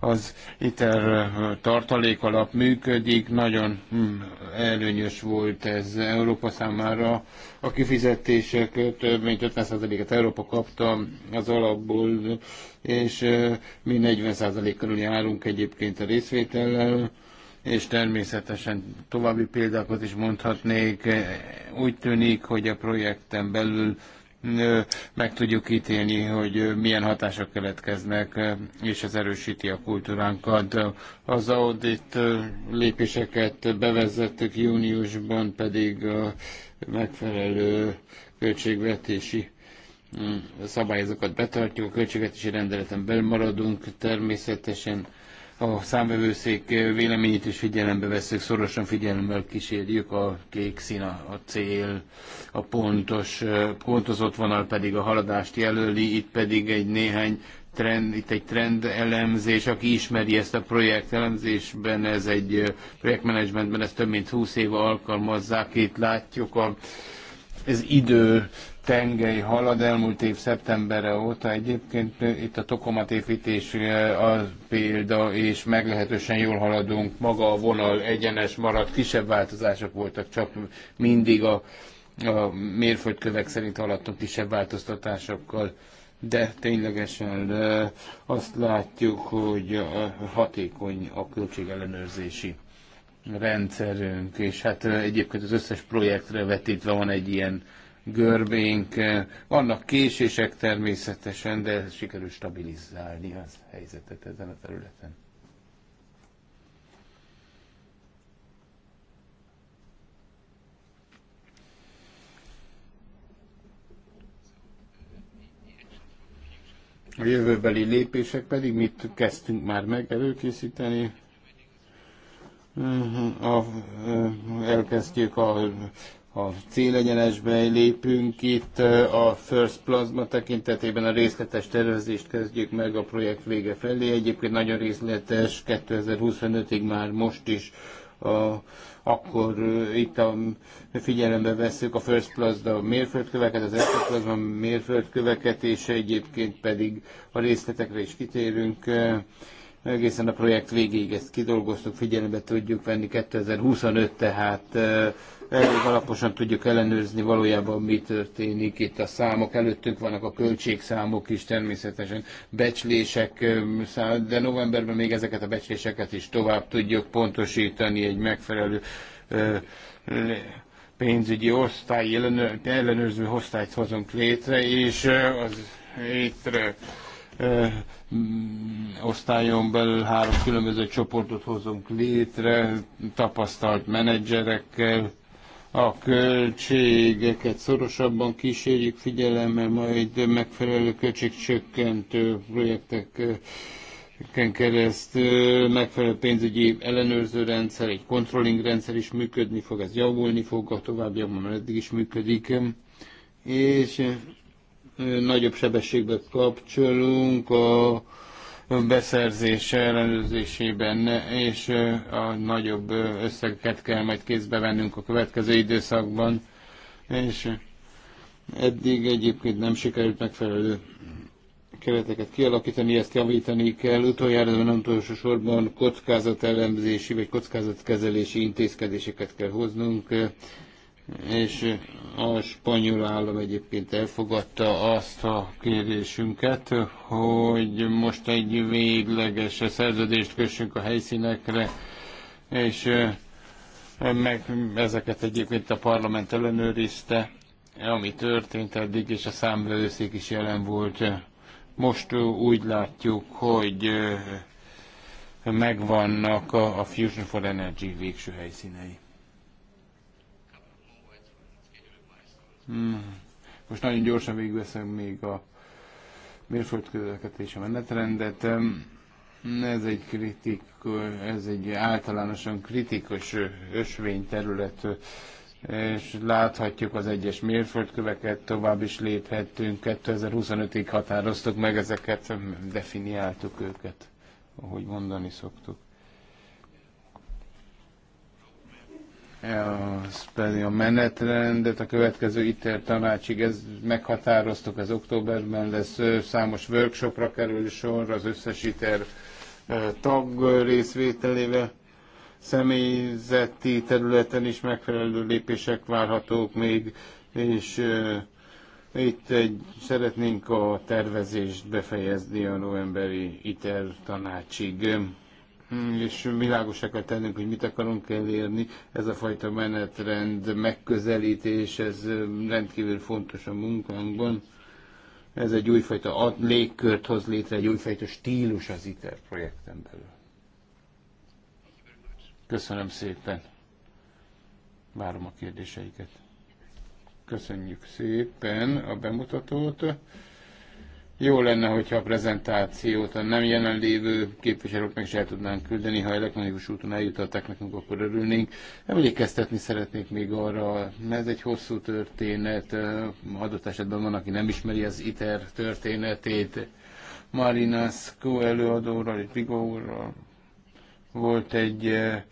az ITER tartalék alap működik, nagyon hm, előnyös volt ez Európa számára. A kifizetések több mint 50%-et Európa kapta az alapból, és mi 40% körül járunk egyébként a részvétellel és természetesen további példákat is mondhatnék. Úgy tűnik, hogy a projekten belül meg tudjuk ítélni, hogy milyen hatások keletkeznek, és ez erősíti a kultúránkat. Az audit lépéseket bevezettük júniusban, pedig a megfelelő költségvetési mm, szabályozókat betartjuk, a költségvetési rendeleten belmaradunk maradunk természetesen a számvevőszék véleményét is figyelembe veszük, szorosan figyelemmel kísérjük a kék szín, a cél, a pontos, pontozott vonal pedig a haladást jelöli, itt pedig egy néhány trend, itt egy trend elemzés, aki ismeri ezt a projekt elemzésben, ez egy projektmenedzsmentben, ezt több mint 20 éve alkalmazzák, itt látjuk a, az idő tengely halad elmúlt év szeptembere óta. Egyébként itt a tokomat építés a példa, és meglehetősen jól haladunk. Maga a vonal egyenes maradt, kisebb változások voltak, csak mindig a, a mérföldkövek szerint haladtunk kisebb változtatásokkal. De ténylegesen azt látjuk, hogy hatékony a költségellenőrzési rendszerünk, és hát egyébként az összes projektre vetítve van egy ilyen görbénk. Vannak késések természetesen, de sikerül stabilizálni az helyzetet ezen a területen. A jövőbeli lépések pedig mit kezdtünk már meg előkészíteni. A, elkezdjük a a célegyenesbe lépünk itt, a First Plasma tekintetében a részletes tervezést kezdjük meg a projekt vége felé. Egyébként nagyon részletes, 2025-ig már most is a, akkor itt a, figyelembe vesszük a First Plasma mérföldköveket, az Extra Plasma mérföldköveket, és egyébként pedig a részletekre is kitérünk egészen a projekt végéig ezt kidolgoztuk, figyelembe tudjuk venni 2025, tehát elég alaposan tudjuk ellenőrizni valójában mi történik. Itt a számok előttünk vannak, a költségszámok is természetesen, becslések, de novemberben még ezeket a becsléseket is tovább tudjuk pontosítani egy megfelelő pénzügyi osztály, ellenőrző osztályt hozunk létre, és az étre mm, osztályon belül három különböző csoportot hozunk létre, tapasztalt menedzserekkel, a költségeket szorosabban kísérjük figyelemmel, majd megfelelő költségcsökkentő projektek keresztül megfelelő pénzügyi ellenőrző rendszer, egy controlling rendszer is működni fog, ez javulni fog, a továbbiakban eddig is működik, és nagyobb sebességbe kapcsolunk a beszerzése ellenőrzésében, és a nagyobb összegeket kell majd kézbe vennünk a következő időszakban, és eddig egyébként nem sikerült megfelelő kereteket kialakítani, ezt javítani kell. Utoljára, de nem utolsó sorban kockázatelemzési vagy kockázatkezelési intézkedéseket kell hoznunk és a spanyol állam egyébként elfogadta azt a kérésünket, hogy most egy végleges szerződést kössünk a helyszínekre, és meg ezeket egyébként a parlament ellenőrizte, ami történt eddig, és a számvevőszék is jelen volt. Most úgy látjuk, hogy megvannak a Fusion for Energy végső helyszínei. Hmm. Most nagyon gyorsan végigveszem még a mérföldköveket és a menetrendet. Hmm. Ez egy kritik, ez egy általánosan kritikus ösvényterület, és láthatjuk az egyes mérföldköveket, tovább is léphettünk, 2025-ig határoztuk meg ezeket, definiáltuk őket, ahogy mondani szoktuk. az pedig a menetrendet a következő ITER tanácsig, ez meghatároztuk, ez októberben lesz, számos workshopra kerül sor az összes ITER tag részvételével, személyzeti területen is megfelelő lépések várhatók még, és uh, itt egy, szeretnénk a tervezést befejezni a novemberi ITER tanácsig és világosá kell tennünk, hogy mit akarunk elérni. Ez a fajta menetrend, megközelítés, ez rendkívül fontos a munkánkban. Ez egy újfajta légkört hoz létre, egy újfajta stílus az ITER projekten belül. Köszönöm szépen. Várom a kérdéseiket. Köszönjük szépen a bemutatót. Jó lenne, hogyha a prezentációt a nem jelenlévő képviselők meg is el tudnánk küldeni, ha elektronikus úton eljutották nekünk, akkor örülnénk. Emlékeztetni szeretnék még arra, ez egy hosszú történet, adott esetben van, aki nem ismeri az ITER történetét. Marina Szkó előadóra, Rigóról volt egy eh,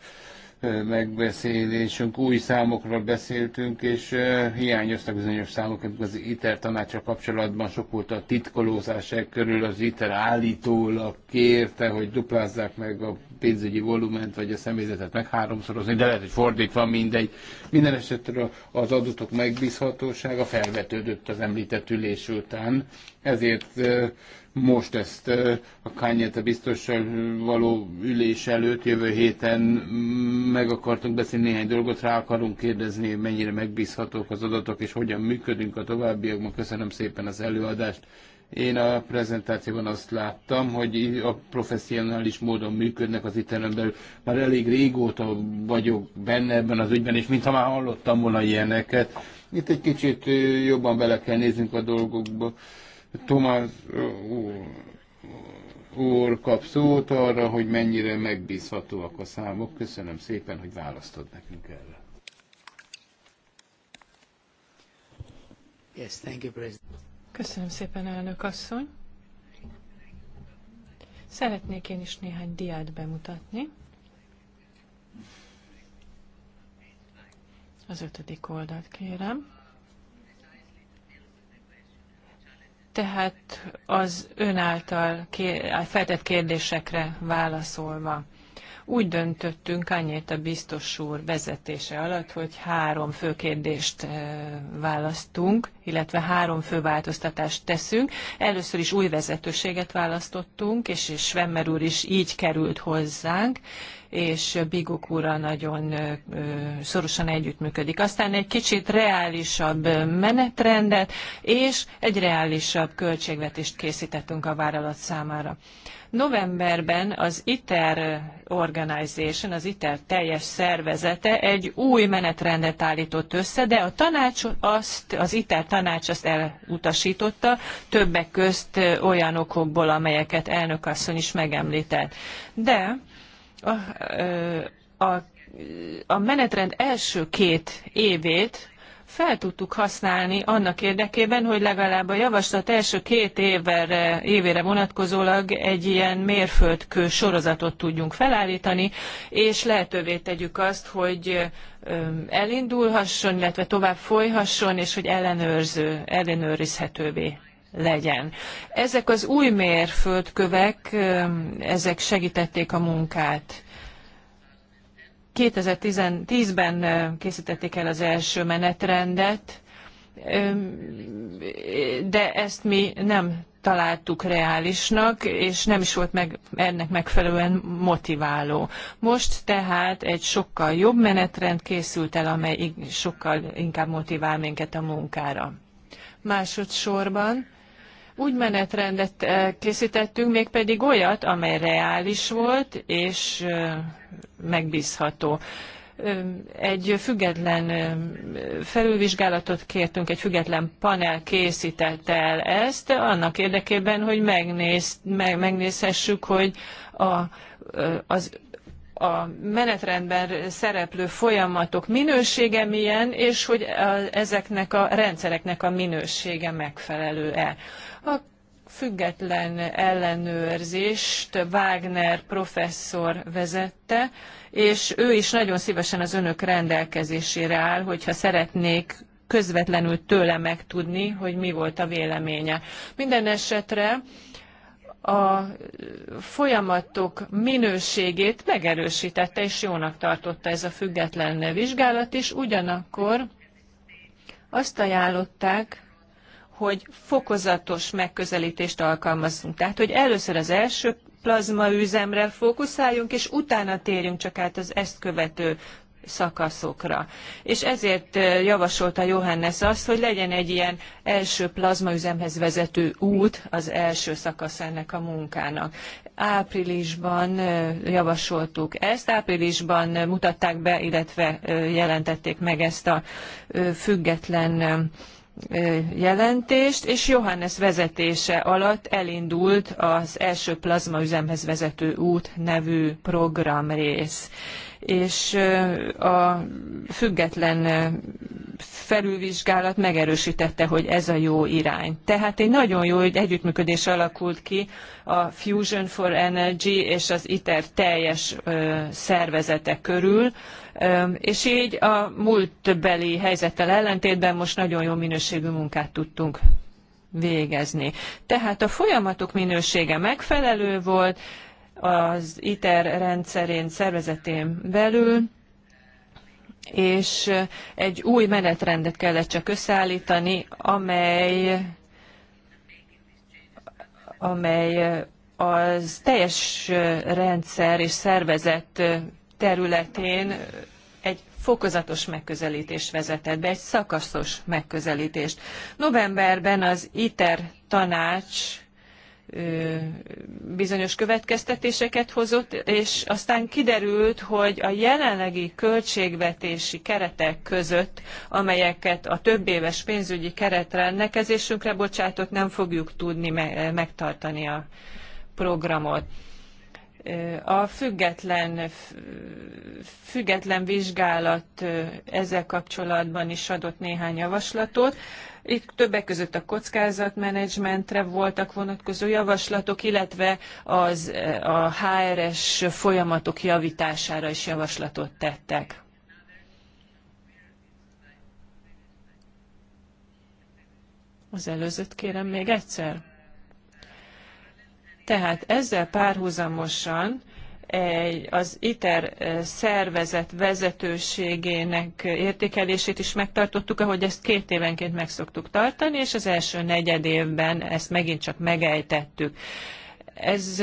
megbeszélésünk, új számokról beszéltünk, és hiányoztak bizonyos számok, az ITER tanácsa kapcsolatban sok volt a titkolózás e körül, az ITER állítólag kérte, hogy duplázzák meg a pénzügyi volument vagy a személyzetet megháromszorozni, de lehet, hogy fordítva mindegy. Minden esetre az adatok megbízhatósága felvetődött az említett ülés után, ezért most ezt a a biztossal való ülés előtt jövő héten mm, meg akartunk beszélni néhány dolgot, rá akarunk kérdezni, mennyire megbízhatók az adatok, és hogyan működünk a továbbiakban. Köszönöm szépen az előadást, én a prezentációban azt láttam, hogy a professzionális módon működnek az itt belül. Már elég régóta vagyok benne ebben az ügyben, és mintha már hallottam volna ilyeneket. Itt egy kicsit jobban bele kell néznünk a dolgokba. Tomás úr kap szót arra, hogy mennyire megbízhatóak a számok. Köszönöm szépen, hogy választod nekünk erre. Yes, thank you, President. Köszönöm szépen, elnök asszony. Szeretnék én is néhány diát bemutatni. Az ötödik oldalt kérem. Tehát az ön által feltett kérdésekre válaszolva. Úgy döntöttünk Kányét a biztos úr vezetése alatt, hogy három fő kérdést eh, választunk, illetve három fő változtatást teszünk. Először is új vezetőséget választottunk, és Svemmer úr is így került hozzánk, és Biguk úrral nagyon szorosan együttműködik. Aztán egy kicsit reálisabb menetrendet és egy reálisabb költségvetést készítettünk a vállalat számára. Novemberben az ITER Organization, az ITER teljes szervezete egy új menetrendet állított össze, de a tanács azt, az ITER tanács azt elutasította, többek közt olyan okokból, amelyeket elnök asszony is megemlített. De a, a, a menetrend első két évét fel tudtuk használni annak érdekében, hogy legalább a javaslat első két évre, évére vonatkozólag egy ilyen mérföldkő sorozatot tudjunk felállítani, és lehetővé tegyük azt, hogy elindulhasson, illetve tovább folyhasson, és hogy ellenőrző, ellenőrizhetővé legyen. Ezek az új mérföldkövek, ezek segítették a munkát. 2010-ben készítették el az első menetrendet, de ezt mi nem találtuk reálisnak, és nem is volt meg, ennek megfelelően motiváló. Most tehát egy sokkal jobb menetrend készült el, amely sokkal inkább motivál minket a munkára. Másodszorban úgy menetrendet eh, készítettünk, mégpedig olyat, amely reális volt és eh, megbízható eh, egy független felülvizsgálatot kértünk, egy független panel készített el ezt, annak érdekében, hogy megnéz, megnézhessük, hogy a, az a menetrendben szereplő folyamatok minősége milyen, és hogy ezeknek a rendszereknek a minősége megfelelő-e. A független ellenőrzést Wagner professzor vezette, és ő is nagyon szívesen az önök rendelkezésére áll, hogyha szeretnék közvetlenül tőle megtudni, hogy mi volt a véleménye. Minden esetre a folyamatok minőségét megerősítette, és jónak tartotta ez a független vizsgálat is. Ugyanakkor azt ajánlották, hogy fokozatos megközelítést alkalmazzunk. Tehát, hogy először az első plazmaüzemre fókuszáljunk, és utána térjünk csak át az ezt követő szakaszokra. És ezért javasolta Johannes azt, hogy legyen egy ilyen első plazmaüzemhez vezető út az első szakasz ennek a munkának. Áprilisban javasoltuk ezt, áprilisban mutatták be, illetve jelentették meg ezt a független jelentést, és Johannes vezetése alatt elindult az első plazmaüzemhez vezető út nevű programrész. rész és a független felülvizsgálat megerősítette, hogy ez a jó irány. Tehát egy nagyon jó egy együttműködés alakult ki a Fusion for Energy és az ITER teljes szervezete körül, és így a múltbeli helyzettel ellentétben most nagyon jó minőségű munkát tudtunk végezni. Tehát a folyamatok minősége megfelelő volt, az ITER rendszerén, szervezetén belül, és egy új menetrendet kellett csak összeállítani, amely, amely az teljes rendszer és szervezet területén egy fokozatos megközelítést vezetett be, egy szakaszos megközelítést. Novemberben az ITER tanács bizonyos következtetéseket hozott, és aztán kiderült, hogy a jelenlegi költségvetési keretek között, amelyeket a több éves pénzügyi keret rendelkezésünkre bocsátott, nem fogjuk tudni megtartani a programot. A független, független vizsgálat ezzel kapcsolatban is adott néhány javaslatot. Itt többek között a kockázatmenedzsmentre voltak vonatkozó javaslatok, illetve az, a HRS folyamatok javítására is javaslatot tettek. Az előzőt kérem még egyszer. Tehát ezzel párhuzamosan az ITER szervezet vezetőségének értékelését is megtartottuk, ahogy ezt két évenként meg szoktuk tartani, és az első negyed évben ezt megint csak megejtettük. Ez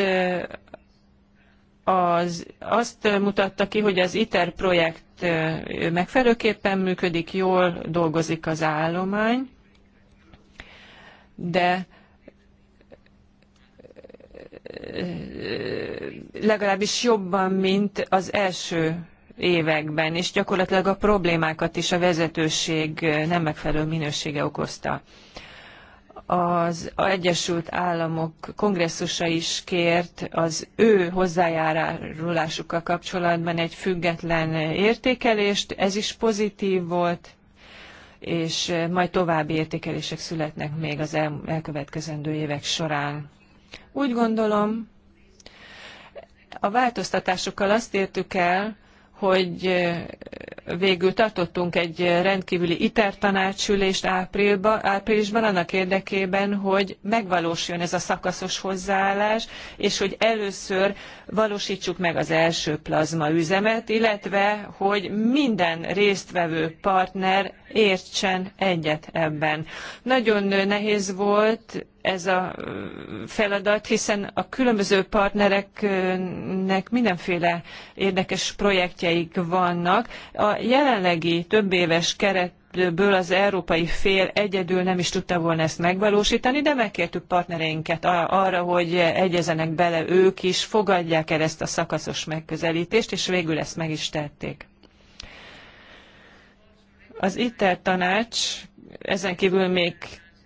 az, azt mutatta ki, hogy az ITER projekt megfelelőképpen működik, jól dolgozik az állomány, de legalábbis jobban, mint az első években, és gyakorlatilag a problémákat is a vezetőség nem megfelelő minősége okozta. Az Egyesült Államok kongresszusa is kért az ő hozzájárulásukkal kapcsolatban egy független értékelést, ez is pozitív volt, és majd további értékelések születnek még az elkövetkezendő évek során. Úgy gondolom, a változtatásokkal azt értük el, hogy végül tartottunk egy rendkívüli ITER tanácsülést áprilba, áprilisban annak érdekében, hogy megvalósuljon ez a szakaszos hozzáállás, és hogy először valósítsuk meg az első plazma üzemet, illetve hogy minden résztvevő partner értsen egyet ebben. Nagyon nehéz volt ez a feladat, hiszen a különböző partnereknek mindenféle érdekes projektjeik vannak. A jelenlegi többéves keret ből az európai fél egyedül nem is tudta volna ezt megvalósítani, de megkértük partnereinket arra, hogy egyezenek bele ők is, fogadják el ezt a szakaszos megközelítést, és végül ezt meg is tették. Az ITER tanács ezen kívül még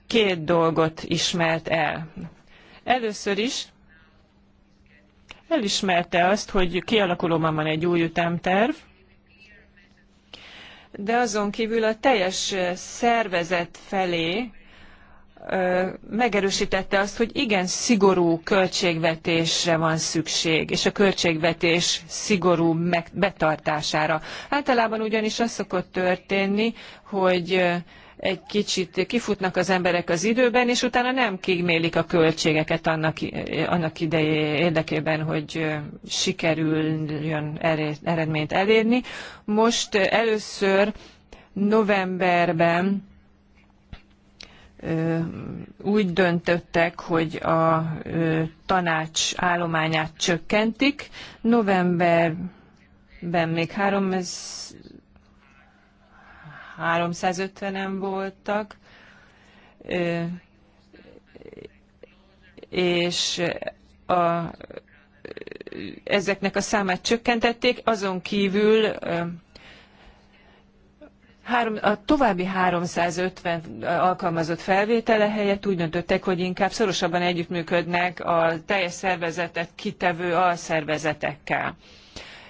két dolgot ismert el. Először is elismerte azt, hogy kialakulóban van egy új ütemterv, de azon kívül a teljes szervezet felé megerősítette azt, hogy igen szigorú költségvetésre van szükség, és a költségvetés szigorú betartására. Általában ugyanis az szokott történni, hogy egy kicsit kifutnak az emberek az időben, és utána nem kigmélik a költségeket annak, annak ideje érdekében, hogy sikerüljön eredményt elérni. Most először novemberben úgy döntöttek, hogy a tanács állományát csökkentik. Novemberben még 300, 350-en voltak, és a, ezeknek a számát csökkentették, azon kívül három, a további 350 alkalmazott felvétele helyett úgy döntöttek, hogy inkább szorosabban együttműködnek a teljes szervezetet kitevő alszervezetekkel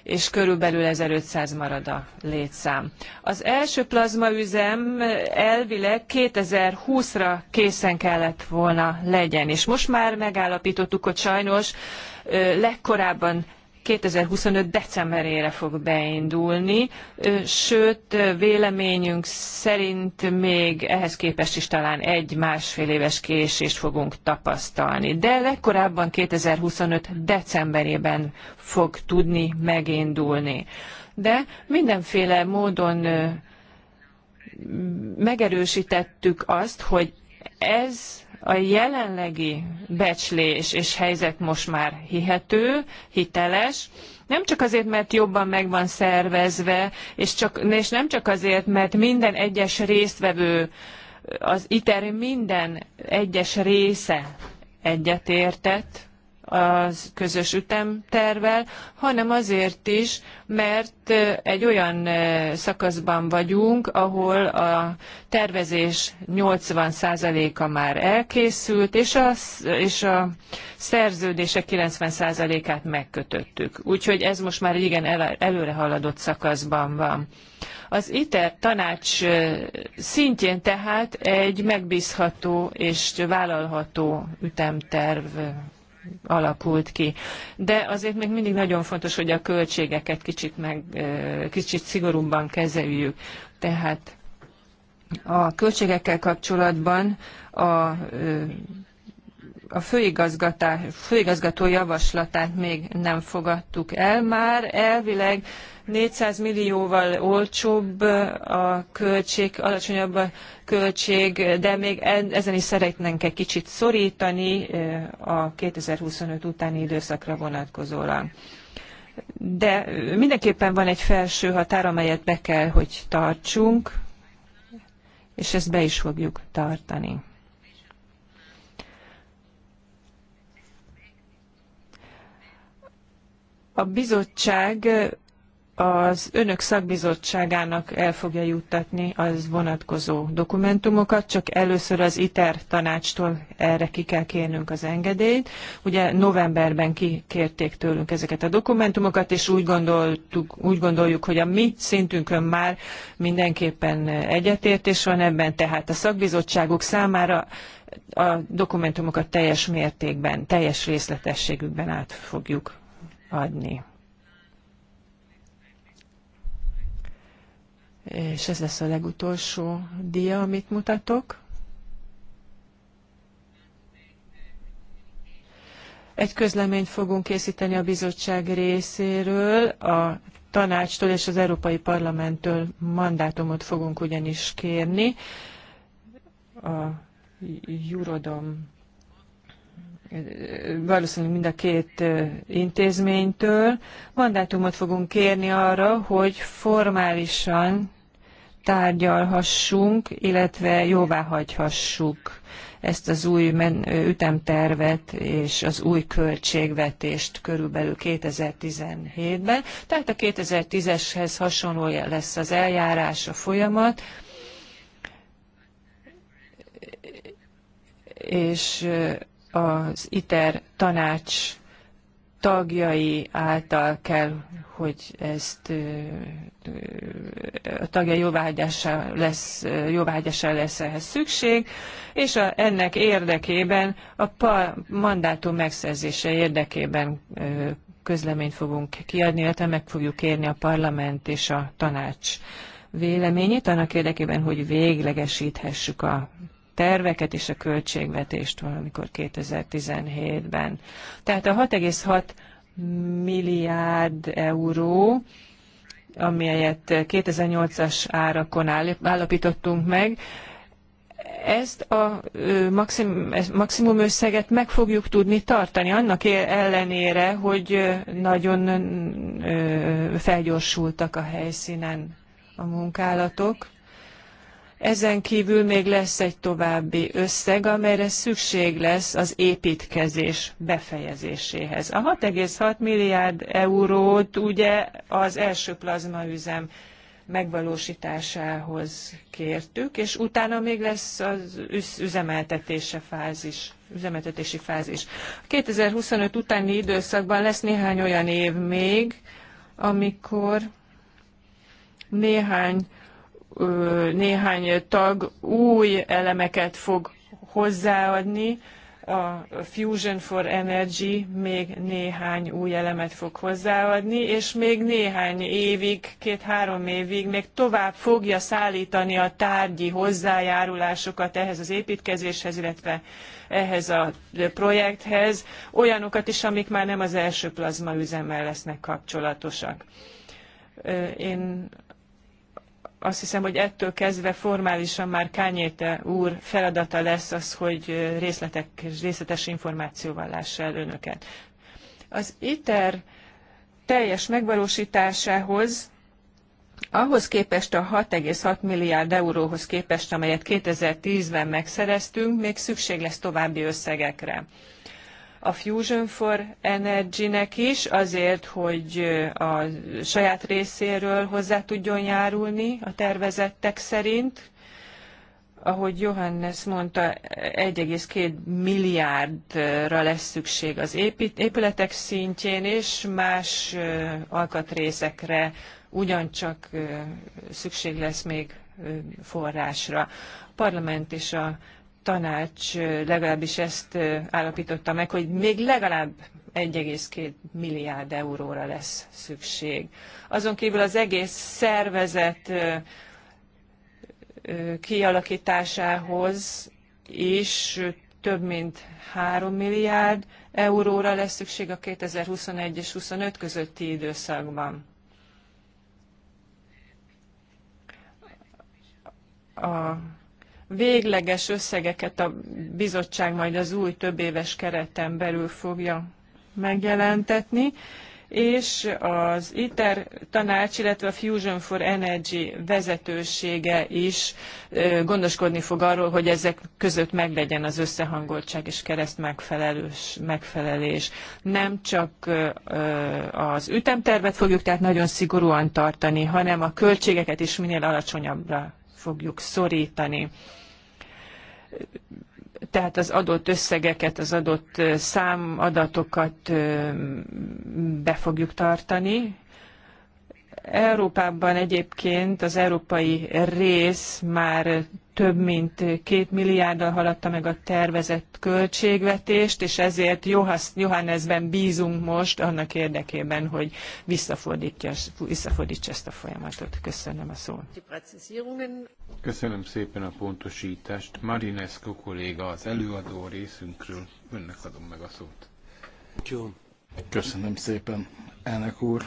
és körülbelül 1500 marad a létszám. Az első plazmaüzem elvileg 2020-ra készen kellett volna legyen, és most már megállapítottuk, hogy sajnos legkorábban 2025. decemberére fog beindulni, sőt, véleményünk szerint még ehhez képest is talán egy-másfél éves késést fogunk tapasztalni. De legkorábban 2025. decemberében fog tudni megindulni. De mindenféle módon megerősítettük azt, hogy ez a jelenlegi becslés és helyzet most már hihető, hiteles, nem csak azért, mert jobban meg van szervezve, és, csak, és nem csak azért, mert minden egyes résztvevő, az ITER minden egyes része egyetértett, a közös ütemtervel, hanem azért is, mert egy olyan szakaszban vagyunk, ahol a tervezés 80%-a már elkészült, és a, és a szerződések 90%-át megkötöttük. Úgyhogy ez most már egy igen előre haladott szakaszban van. Az ITER tanács szintjén tehát egy megbízható és vállalható ütemterv alakult ki. De azért még mindig nagyon fontos, hogy a költségeket kicsit, meg, kicsit szigorúbban kezeljük. Tehát a költségekkel kapcsolatban a a főigazgató javaslatát még nem fogadtuk el már. Elvileg 400 millióval olcsóbb a költség, alacsonyabb a költség, de még ezen is szeretnénk egy kicsit szorítani eh, a 2025 utáni időszakra vonatkozólag. De mindenképpen van egy felső határ, amelyet be kell, hogy tartsunk, és ezt be is fogjuk tartani. a bizottság az önök szakbizottságának el fogja juttatni az vonatkozó dokumentumokat, csak először az ITER tanácstól erre ki kell kérnünk az engedélyt. Ugye novemberben kikérték tőlünk ezeket a dokumentumokat, és úgy, gondoltuk, úgy gondoljuk, hogy a mi szintünkön már mindenképpen egyetértés van ebben, tehát a szakbizottságok számára a dokumentumokat teljes mértékben, teljes részletességükben át fogjuk adni. És ez lesz a legutolsó dia, amit mutatok. Egy közleményt fogunk készíteni a bizottság részéről, a tanácstól és az Európai Parlamenttől mandátumot fogunk ugyanis kérni. A Jurodom valószínűleg mind a két intézménytől. Mandátumot fogunk kérni arra, hogy formálisan tárgyalhassunk, illetve jóváhagyhassuk ezt az új ütemtervet és az új költségvetést körülbelül 2017-ben. Tehát a 2010-eshez hasonló lesz az eljárás, a folyamat. És az ITER tanács tagjai által kell, hogy ezt a tagja jóváhagyása lesz, jóváhagyása lesz ehhez szükség, és a, ennek érdekében a pa, mandátum megszerzése érdekében közleményt fogunk kiadni, illetve meg fogjuk kérni a parlament és a tanács véleményét, annak érdekében, hogy véglegesíthessük a terveket és a költségvetést valamikor 2017-ben. Tehát a 6,6 milliárd euró, amelyet 2008-as árakon állapítottunk meg, ezt a maxim, maximum összeget meg fogjuk tudni tartani, annak ellenére, hogy nagyon felgyorsultak a helyszínen a munkálatok. Ezen kívül még lesz egy további összeg, amelyre szükség lesz az építkezés befejezéséhez. A 6,6 milliárd eurót ugye az első plazmaüzem megvalósításához kértük, és utána még lesz az üzemeltetése fázis, üzemeltetési fázis. 2025 utáni időszakban lesz néhány olyan év még, amikor néhány néhány tag új elemeket fog hozzáadni, a Fusion for Energy még néhány új elemet fog hozzáadni, és még néhány évig, két-három évig még tovább fogja szállítani a tárgyi hozzájárulásokat ehhez az építkezéshez, illetve ehhez a projekthez, olyanokat is, amik már nem az első plazmaüzemmel lesznek kapcsolatosak. Én azt hiszem, hogy ettől kezdve formálisan már Kányéte úr feladata lesz az, hogy részletek, részletes információval lássa el önöket. Az ITER teljes megvalósításához ahhoz képest a 6,6 milliárd euróhoz képest, amelyet 2010-ben megszereztünk, még szükség lesz további összegekre a Fusion for Energy-nek is, azért, hogy a saját részéről hozzá tudjon járulni a tervezettek szerint. Ahogy Johannes mondta, 1,2 milliárdra lesz szükség az épületek szintjén, és más alkatrészekre ugyancsak szükség lesz még forrásra. A parlament és a tanács legalábbis ezt állapította meg, hogy még legalább 1,2 milliárd euróra lesz szükség. Azon kívül az egész szervezet kialakításához is több mint 3 milliárd euróra lesz szükség a 2021 és 25 közötti időszakban. A végleges összegeket a bizottság majd az új éves kereten belül fogja megjelentetni, és az ITER tanács, illetve a Fusion for Energy vezetősége is gondoskodni fog arról, hogy ezek között meglegyen az összehangoltság és kereszt megfelelős, megfelelés. Nem csak az ütemtervet fogjuk tehát nagyon szigorúan tartani, hanem a költségeket is minél alacsonyabbra fogjuk szorítani tehát az adott összegeket, az adott számadatokat be fogjuk tartani, Európában egyébként az európai rész már több mint két milliárddal haladta meg a tervezett költségvetést, és ezért Johannesben bízunk most annak érdekében, hogy visszafordítja, visszafordítsa ezt a folyamatot. Köszönöm a szót. Köszönöm szépen a pontosítást. Marinescu kolléga az előadó részünkről. Önnek adom meg a szót. Köszönöm szépen, elnök úr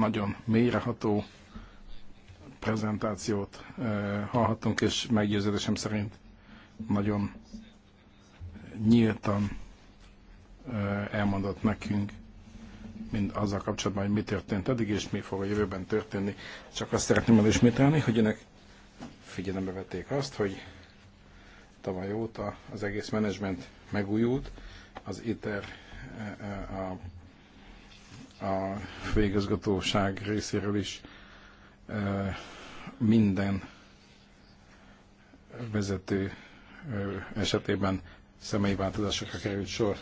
nagyon mélyreható prezentációt eh, hallhattunk, és meggyőződésem szerint nagyon nyíltan eh, elmondott nekünk, mind azzal kapcsolatban, hogy mi történt eddig, és mi fog a jövőben történni. Csak azt szeretném elismételni, hogy önök figyelembe vették azt, hogy tavaly óta az egész menedzsment megújult, az ITER eh, a a főigazgatóság részéről is minden vezető esetében személyi változásokra került sor.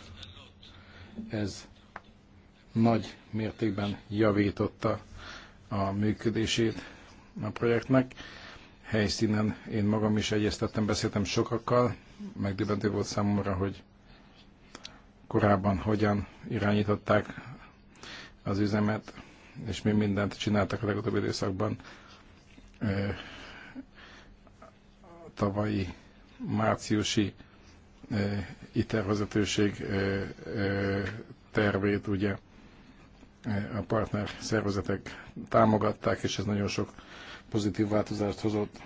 Ez nagy mértékben javította a működését a projektnek. Helyszínen én magam is egyeztettem, beszéltem sokakkal, megdöbbentő volt számomra, hogy korábban hogyan irányították az üzemet, és mi mindent csináltak a legutóbbi időszakban. Tavalyi márciusi itervezetőség tervét ugye a partner szervezetek támogatták, és ez nagyon sok pozitív változást hozott.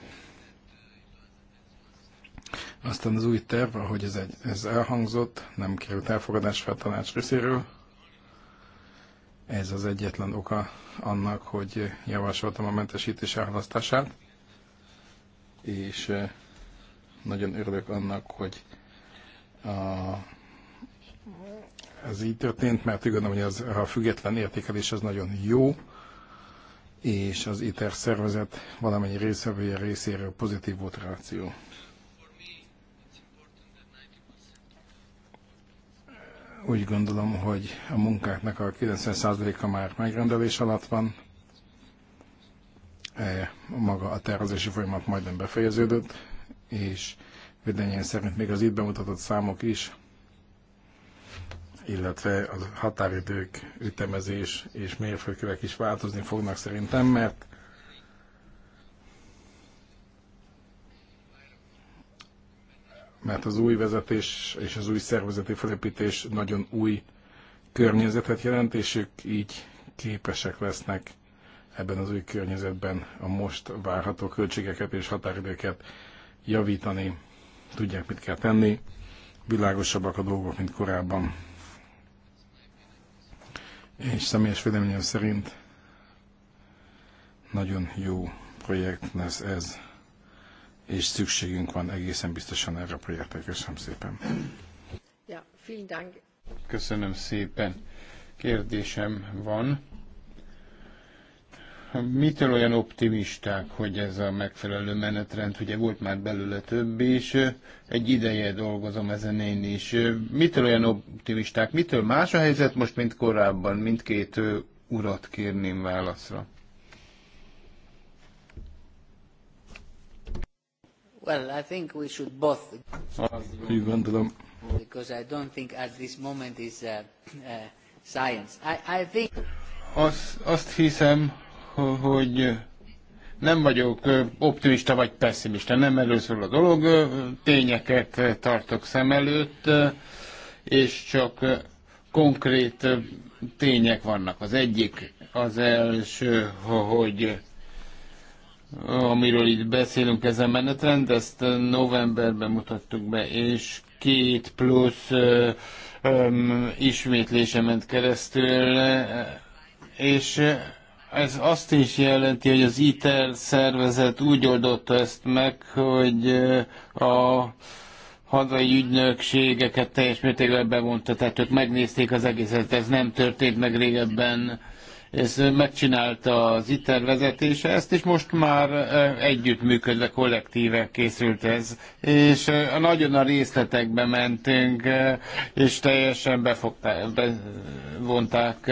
Aztán az új terv, ahogy ez, egy, ez elhangzott, nem került elfogadásra a tanács részéről, ez az egyetlen oka annak, hogy javasoltam a mentesítés elhalasztását, és nagyon örülök annak, hogy a, ez így történt, mert úgy gondolom, hogy az, a független értékelés az nagyon jó, és az ITER szervezet valamennyi részvevője részéről pozitív volt a ráció. Úgy gondolom, hogy a munkáknak a 90%-a már megrendelés alatt van. E, maga a tervezési folyamat majdnem befejeződött, és véleményem szerint még az itt bemutatott számok is, illetve a határidők, ütemezés és mérföldkövek is változni fognak szerintem, mert mert az új vezetés és az új szervezeti felépítés nagyon új környezetet jelent, és ők így képesek lesznek ebben az új környezetben a most várható költségeket és határidőket javítani, tudják, mit kell tenni, világosabbak a dolgok, mint korábban. És személyes véleményem szerint nagyon jó projekt lesz ez és szükségünk van egészen biztosan erre a projektre. Köszönöm szépen. Ja, vielen Dank. Köszönöm szépen. Kérdésem van. Mitől olyan optimisták, hogy ez a megfelelő menetrend? Ugye volt már belőle több is, egy ideje dolgozom ezen én is. Mitől olyan optimisták? Mitől más a helyzet most, mint korábban? Mindkét urat kérném válaszra. Well, I think we should both. Úgy gondolom. Because I don't think at this moment is uh, uh, science. I, I think... Azt, azt hiszem, hogy nem vagyok optimista vagy pessimista, nem először a dolog, tényeket tartok szem előtt, és csak konkrét tények vannak. Az egyik, az első, hogy amiről itt beszélünk ezen menetrend, ezt novemberben mutattuk be, és két plusz ismétlése ment keresztül, és ez azt is jelenti, hogy az ITER szervezet úgy oldotta ezt meg, hogy a hazai ügynökségeket teljes mértékben bevonta, tehát ők megnézték az egészet, ez nem történt meg régebben ezt megcsinálta az ITER e vezetése ezt, és most már együttműködve kollektíve készült ez. És nagyon a részletekbe mentünk, és teljesen befogták, bevonták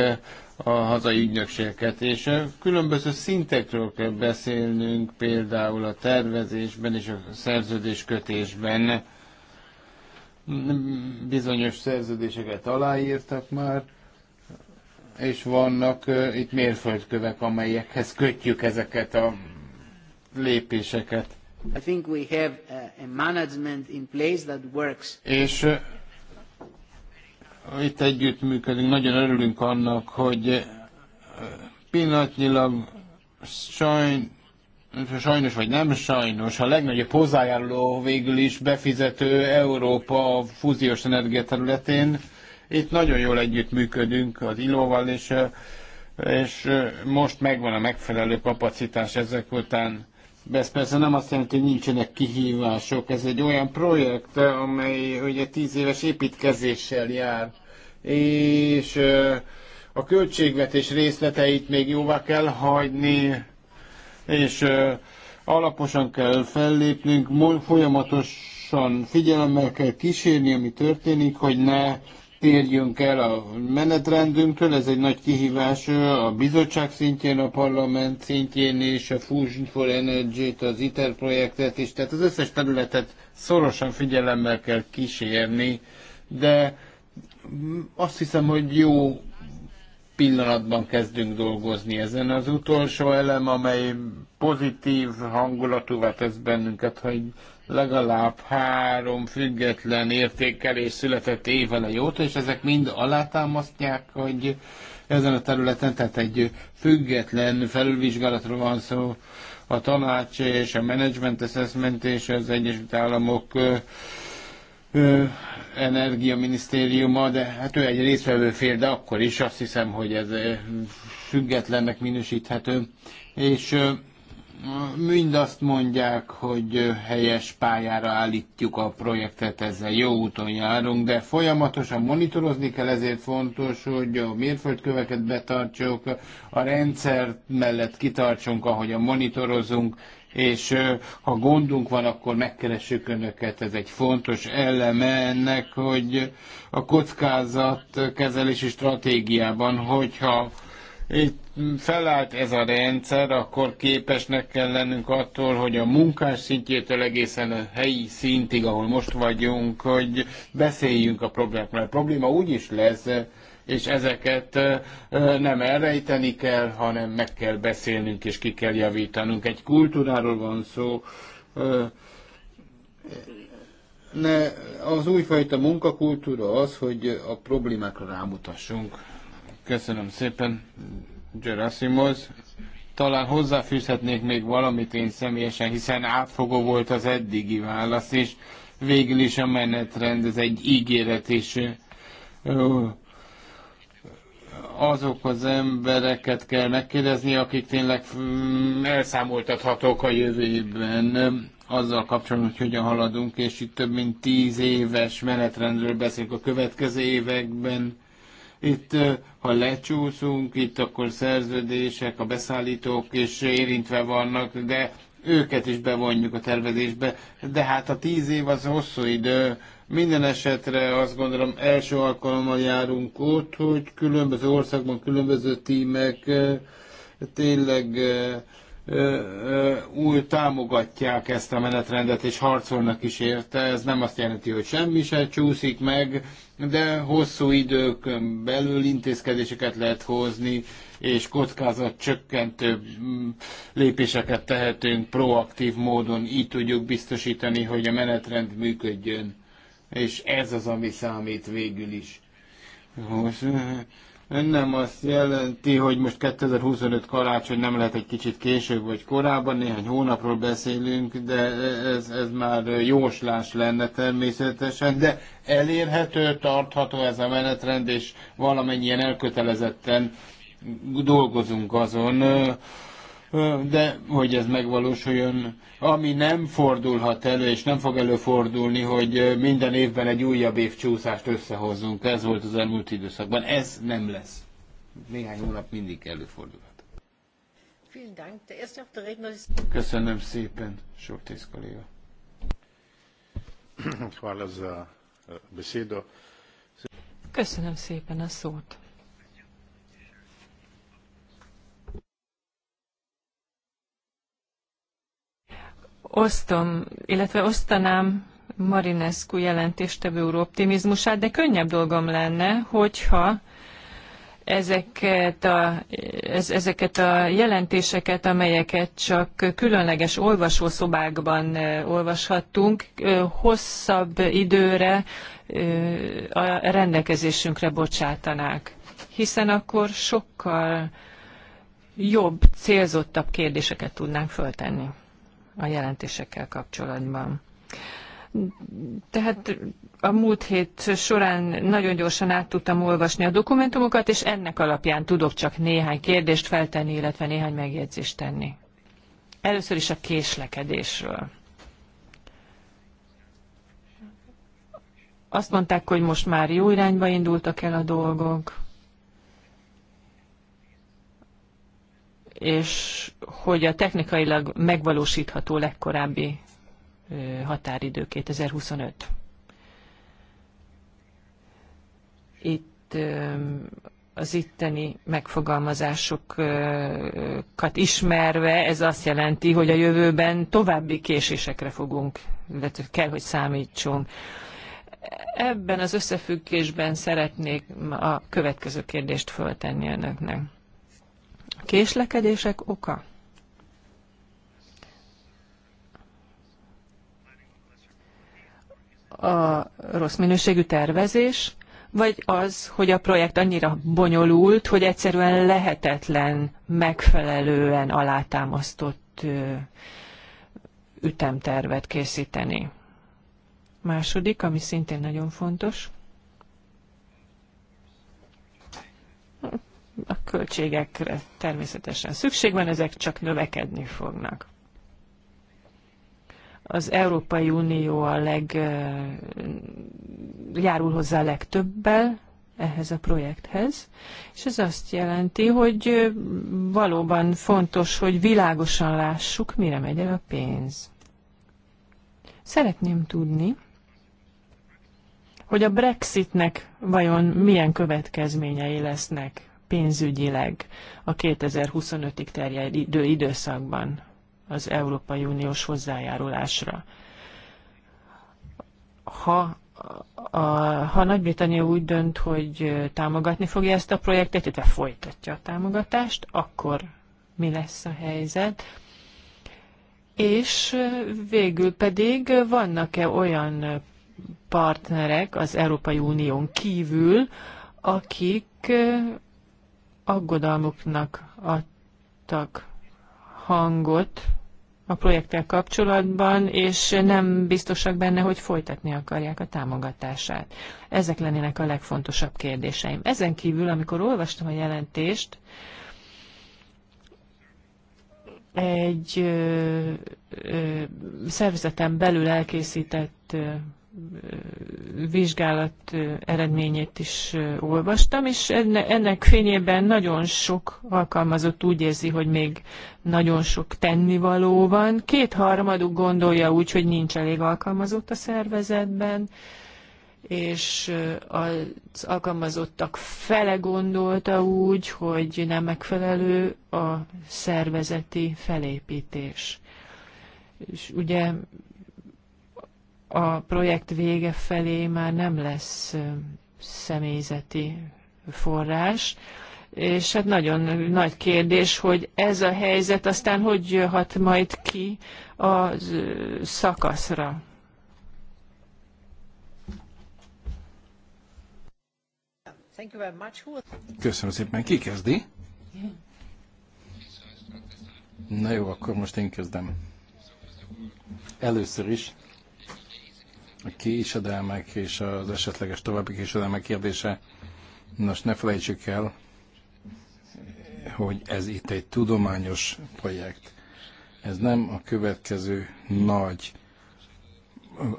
a hazai ügynökségeket, és különböző szintekről kell beszélnünk, például a tervezésben és a szerződéskötésben. Bizonyos szerződéseket aláírtak már, és vannak uh, itt mérföldkövek, amelyekhez kötjük ezeket a lépéseket. I think we have a management in place that works. És uh, itt együttműködünk, nagyon örülünk annak, hogy uh, pillanatnyilag sajn, sajnos vagy nem sajnos, a legnagyobb hozzájáruló végül is befizető Európa fúziós energiaterületén. területén, itt nagyon jól együttműködünk az ILO-val, és, és most megvan a megfelelő kapacitás ezek után. Ez persze nem azt jelenti, hogy nincsenek kihívások. Ez egy olyan projekt, amely ugye tíz éves építkezéssel jár, és a költségvetés részleteit még jóvá kell hagyni, és alaposan kell fellépnünk, folyamatosan figyelemmel kell kísérni, ami történik, hogy ne térjünk el a menetrendünktől, ez egy nagy kihívás a bizottság szintjén, a parlament szintjén és a Fusion for Energy-t, az ITER projektet is, tehát az összes területet szorosan figyelemmel kell kísérni, de azt hiszem, hogy jó pillanatban kezdünk dolgozni ezen. Az utolsó elem, amely pozitív hangulatúvá tesz bennünket, hogy legalább három független értékelés született évele óta, és ezek mind alátámasztják, hogy ezen a területen, tehát egy független felülvizsgálatról van szó, a tanács és a management assessment és az Egyesült Államok energiaminisztériuma, de hát ő egy részvevő fél, de akkor is azt hiszem, hogy ez függetlennek minősíthető. És ö, mind azt mondják, hogy helyes pályára állítjuk a projektet, ezzel jó úton járunk, de folyamatosan monitorozni kell, ezért fontos, hogy a mérföldköveket betartsuk, a rendszer mellett kitartsunk, ahogy a monitorozunk, és ha gondunk van, akkor megkeressük önöket. Ez egy fontos eleme ennek, hogy a kockázat kezelési stratégiában, hogyha itt felállt ez a rendszer, akkor képesnek kell lennünk attól, hogy a munkás szintjétől egészen a helyi szintig, ahol most vagyunk, hogy beszéljünk a problémákról. A probléma úgy is lesz, és ezeket nem elrejteni kell, hanem meg kell beszélnünk és ki kell javítanunk. Egy kultúráról van szó, ne, az újfajta munkakultúra az, hogy a problémákra rámutassunk. Köszönöm szépen, Gerasimos. Talán hozzáfűzhetnék még valamit én személyesen, hiszen átfogó volt az eddigi válasz, és végül is a menetrend, ez egy ígéret, és azok az embereket kell megkérdezni, akik tényleg mm, elszámoltathatók a jövőben azzal kapcsolatban, hogy hogyan haladunk, és itt több mint tíz éves menetrendről beszélünk a következő években itt, ha lecsúszunk, itt akkor szerződések, a beszállítók is érintve vannak, de őket is bevonjuk a tervezésbe. De hát a tíz év az hosszú idő. Minden esetre azt gondolom első alkalommal járunk ott, hogy különböző országban különböző tímek tényleg új támogatják ezt a menetrendet, és harcolnak is érte. Ez nem azt jelenti, hogy semmi se csúszik meg, de hosszú idők belül intézkedéseket lehet hozni, és kockázat csökkentő lépéseket tehetünk proaktív módon, így tudjuk biztosítani, hogy a menetrend működjön. És ez az, ami számít végül is. Most, nem azt jelenti, hogy most 2025 karácsony nem lehet egy kicsit később vagy korábban, néhány hónapról beszélünk, de ez, ez már jóslás lenne természetesen, de elérhető, tartható ez a menetrend, és valamennyien elkötelezetten dolgozunk azon de hogy ez megvalósuljon, ami nem fordulhat elő, és nem fog előfordulni, hogy minden évben egy újabb csúszást összehozzunk. Ez volt az elmúlt időszakban. Ez nem lesz. Néhány hónap mindig előfordulhat. Köszönöm szépen, Sortész kolléga. Köszönöm szépen a szót. osztom, illetve osztanám Marinescu jelentéstevő úr optimizmusát, de könnyebb dolgom lenne, hogyha ezeket a, ez, ezeket a jelentéseket, amelyeket csak különleges olvasószobákban olvashattunk, hosszabb időre a rendelkezésünkre bocsátanák. Hiszen akkor sokkal jobb, célzottabb kérdéseket tudnánk föltenni a jelentésekkel kapcsolatban. Tehát a múlt hét során nagyon gyorsan át tudtam olvasni a dokumentumokat, és ennek alapján tudok csak néhány kérdést feltenni, illetve néhány megjegyzést tenni. Először is a késlekedésről. Azt mondták, hogy most már jó irányba indultak el a dolgok. és hogy a technikailag megvalósítható legkorábbi határidő 2025. Itt az itteni megfogalmazásokat ismerve ez azt jelenti, hogy a jövőben további késésekre fogunk, illetve kell, hogy számítsunk. Ebben az összefüggésben szeretnék a következő kérdést föltenni önöknek késlekedések oka? A rossz minőségű tervezés, vagy az, hogy a projekt annyira bonyolult, hogy egyszerűen lehetetlen, megfelelően alátámasztott ütemtervet készíteni. Második, ami szintén nagyon fontos, a költségekre természetesen szükség van, ezek csak növekedni fognak az Európai Unió a leg, járul hozzá a legtöbbel ehhez a projekthez, és ez azt jelenti, hogy valóban fontos, hogy világosan lássuk, mire megy el a pénz. Szeretném tudni, hogy a Brexitnek vajon milyen következményei lesznek pénzügyileg a 2025-ig terjedő időszakban az Európai Uniós hozzájárulásra. Ha a, ha Nagy-Britannia úgy dönt, hogy támogatni fogja ezt a projektet, illetve folytatja a támogatást, akkor mi lesz a helyzet? És végül pedig vannak-e olyan partnerek az Európai Unión kívül, akik aggodalmuknak adtak hangot a projekttel kapcsolatban, és nem biztosak benne, hogy folytatni akarják a támogatását. Ezek lennének a legfontosabb kérdéseim. Ezen kívül, amikor olvastam a jelentést, egy ö, ö, szervezeten belül elkészített ö, vizsgálat eredményét is olvastam, és ennek fényében nagyon sok alkalmazott úgy érzi, hogy még nagyon sok tennivaló van. Kétharmaduk gondolja úgy, hogy nincs elég alkalmazott a szervezetben, és az alkalmazottak fele gondolta úgy, hogy nem megfelelő a szervezeti felépítés. És ugye a projekt vége felé már nem lesz személyzeti forrás, és hát nagyon nagy kérdés, hogy ez a helyzet aztán hogy jöhet majd ki a szakaszra. Köszönöm szépen. Ki kezdi? Na jó, akkor most én kezdem. Először is a késedelmek és az esetleges további késedelmek kérdése. Nos, ne felejtsük el, hogy ez itt egy tudományos projekt. Ez nem a következő nagy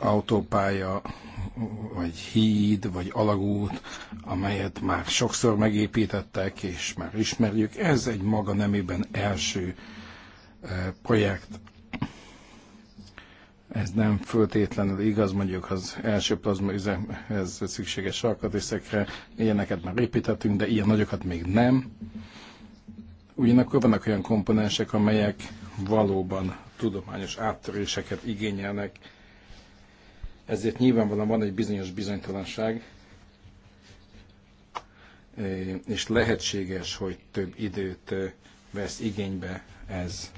autópálya, vagy híd, vagy alagút, amelyet már sokszor megépítettek, és már ismerjük. Ez egy maga nemében első eh, projekt, ez nem föltétlenül igaz, mondjuk az első plazmaüzemhez szükséges sarkatrészekre, ilyeneket már építettünk, de ilyen nagyokat még nem. Ugyanakkor vannak olyan komponensek, amelyek valóban tudományos áttöréseket igényelnek, ezért nyilvánvalóan van egy bizonyos bizonytalanság, és lehetséges, hogy több időt vesz igénybe ez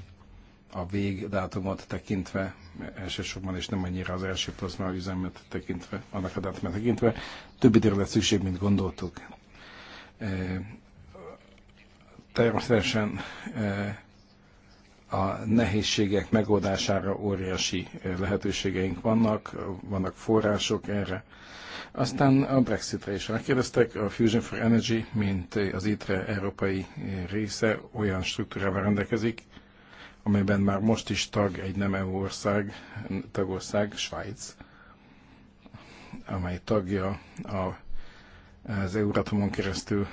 a végdátumot tekintve, elsősorban és nem annyira az első plazma üzemet tekintve, annak a dátumát tekintve, több időre lesz szükség, mint gondoltuk. E, természetesen e, a nehézségek megoldására óriási e, lehetőségeink vannak, vannak források erre. Aztán a Brexitre is rákérdeztek, a Fusion for Energy, mint az ITRE európai része olyan struktúrával rendelkezik, amelyben már most is tag egy nem EU ország, tagország, Svájc, amely tagja a, az Euratomon keresztül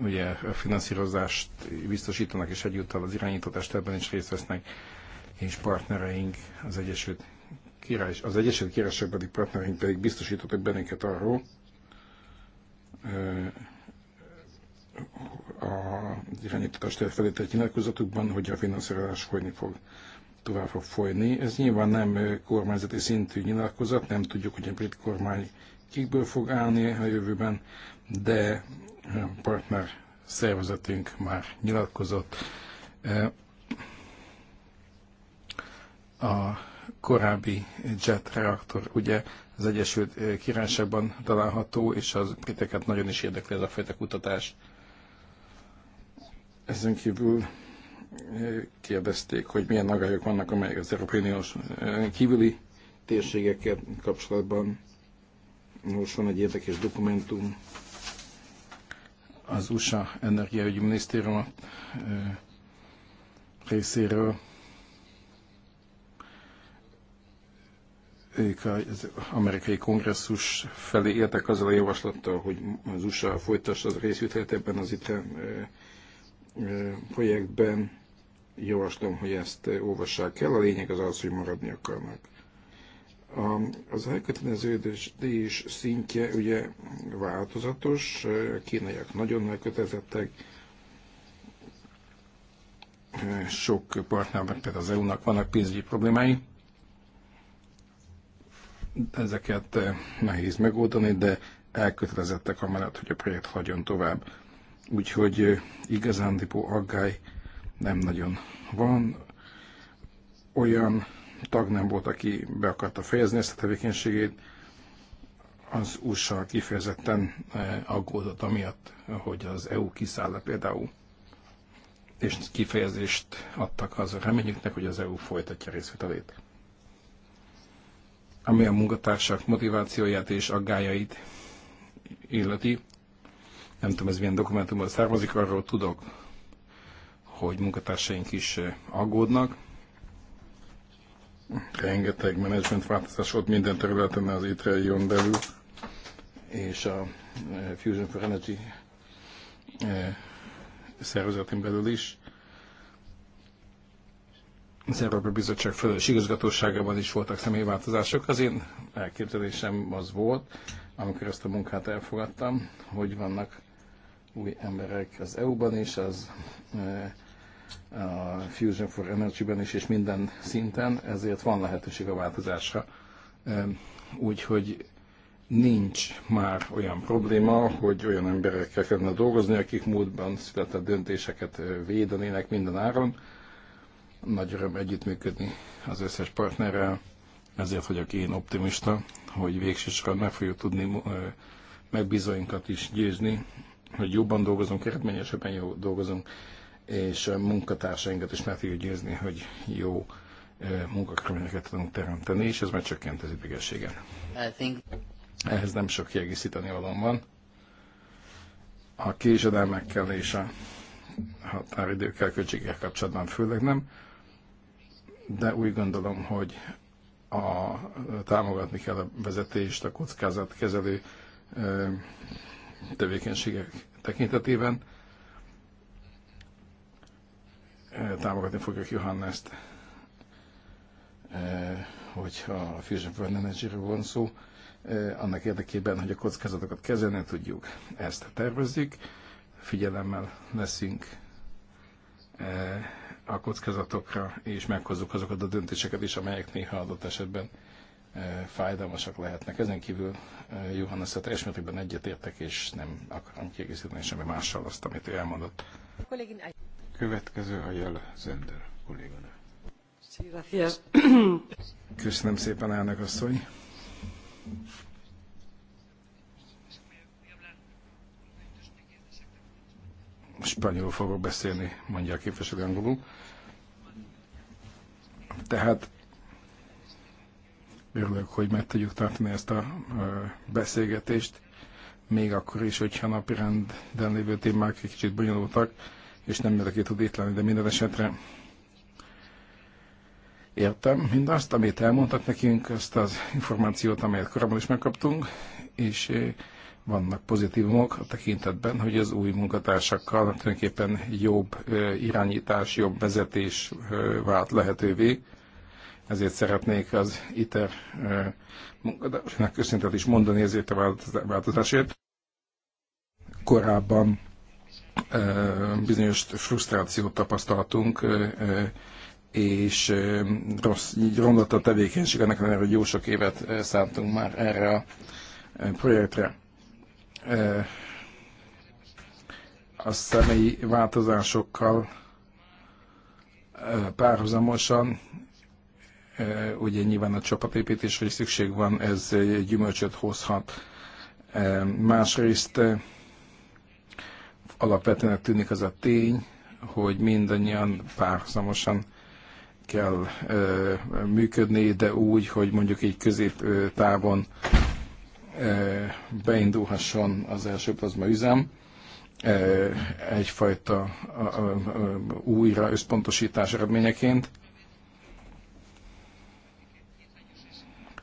ugye a finanszírozást biztosítanak, és egyúttal az irányítatást ebben is részt vesznek, és partnereink az Egyesült Király, az Egyesült Királyság pedig partnereink pedig biztosítottak bennünket arról, a irányítás felé tett nyilatkozatukban, hogy a finanszírozás folyni fog, tovább fog folyni. Ez nyilván nem kormányzati szintű nyilatkozat, nem tudjuk, hogy a brit kormány kikből fog állni a jövőben, de partner szervezetünk már nyilatkozott. A korábbi jet reaktor ugye az Egyesült Királyságban található, és az briteket nagyon is érdekli ez a fajta kutatás. Ezen kívül eh, kérdezték, hogy milyen aggályok vannak, amelyek az Európai Uniós eh, kívüli térségekkel kapcsolatban. Most van egy érdekes dokumentum. Az USA Energiaügyi Minisztérium eh, részéről ők az amerikai kongresszus felé értek azzal a javaslattal, hogy az USA folytassa az részvételt ebben az itt projektben. Javaslom, hogy ezt olvassák el. A lényeg az az, hogy maradni akarnak. A, az elköteleződés szintje ugye változatos, a kínaiak nagyon elkötelezettek, sok partnernek, például az EU-nak vannak pénzügyi problémái. Ezeket nehéz megoldani, de elkötelezettek amellett, hogy a projekt hagyjon tovább. Úgyhogy igazándiból aggály nem nagyon van. Olyan tag nem volt, aki be akarta fejezni ezt a tevékenységét, az USA kifejezetten aggódott amiatt, hogy az EU kiszáll le például, és kifejezést adtak az a reményüknek, hogy az EU folytatja részvételét. Ami a munkatársak motivációját és aggájait illeti, nem tudom, ez milyen dokumentumban származik, arról tudok, hogy munkatársaink is eh, aggódnak. Rengeteg menedzsment változás volt minden területen az étrejön belül, és a eh, Fusion for Energy eh, szervezetén belül is. Az Európai Bizottság Fölös Igazgatóságában is voltak személyváltozások. Az én elképzelésem az volt, amikor ezt a munkát elfogadtam, hogy vannak új emberek az EU-ban is, az a Fusion for Energy-ben is, és minden szinten, ezért van lehetőség a változásra. Úgyhogy nincs már olyan probléma, hogy olyan emberekkel kellene dolgozni, akik múltban született döntéseket védenének minden áron. Nagy öröm együttműködni az összes partnerrel, ezért vagyok én optimista, hogy végsősorban meg fogjuk tudni megbizóinkat is győzni hogy jobban dolgozunk, eredményesebben jó dolgozunk, és a munkatársainkat is meg fogjuk győzni, hogy jó munkakörülményeket tudunk teremteni, és ez már csökkent az idegességen. Think... Ehhez nem sok kiegészíteni való van. A késedelmekkel és a határidőkkel, költségekkel kapcsolatban főleg nem, de úgy gondolom, hogy a, támogatni kell a vezetést, a kockázatkezelő tevékenységek tekintetében. E, támogatni fogjuk Johannes-t, e, hogyha a Fusion Fund energy van szó, e, annak érdekében, hogy a kockázatokat kezelni tudjuk. Ezt tervezzük, figyelemmel leszünk a kockázatokra, és meghozzuk azokat a döntéseket is, amelyek néha adott esetben fájdalmasak lehetnek. Ezen kívül Johannes a teljes mértékben egyetértek, és nem akarom kiegészíteni semmi mással azt, amit ő elmondott. Következő a jel Zender kolléganő. Köszönöm szépen, elnök asszony. Spanyolul fogok beszélni, mondja a képviselő angolul. Tehát Örülök, hogy meg tudjuk tartani ezt a beszélgetést, még akkor is, hogyha rendben lévő témák egy kicsit bonyolultak, és nem mindenki tud itt lenni, de minden esetre értem mindazt, amit elmondtak nekünk, azt az információt, amelyet korábban is megkaptunk, és vannak pozitívumok a tekintetben, hogy az új munkatársakkal tulajdonképpen jobb irányítás, jobb vezetés vált lehetővé, ezért szeretnék az ITER munkadásának köszöntet is mondani ezért a változásért. Korábban bizonyos frusztrációt tapasztaltunk, és rossz, romlott a tevékenység, ennek ellenére, hogy jó sok évet szántunk már erre a projektre. A személyi változásokkal párhuzamosan ugye nyilván a csapatépítésre is szükség van, ez gyümölcsöt hozhat. Másrészt alapvetően tűnik az a tény, hogy mindannyian párhuzamosan kell működni, de úgy, hogy mondjuk egy középtávon beindulhasson az első plazma üzem, egyfajta újra összpontosítás eredményeként.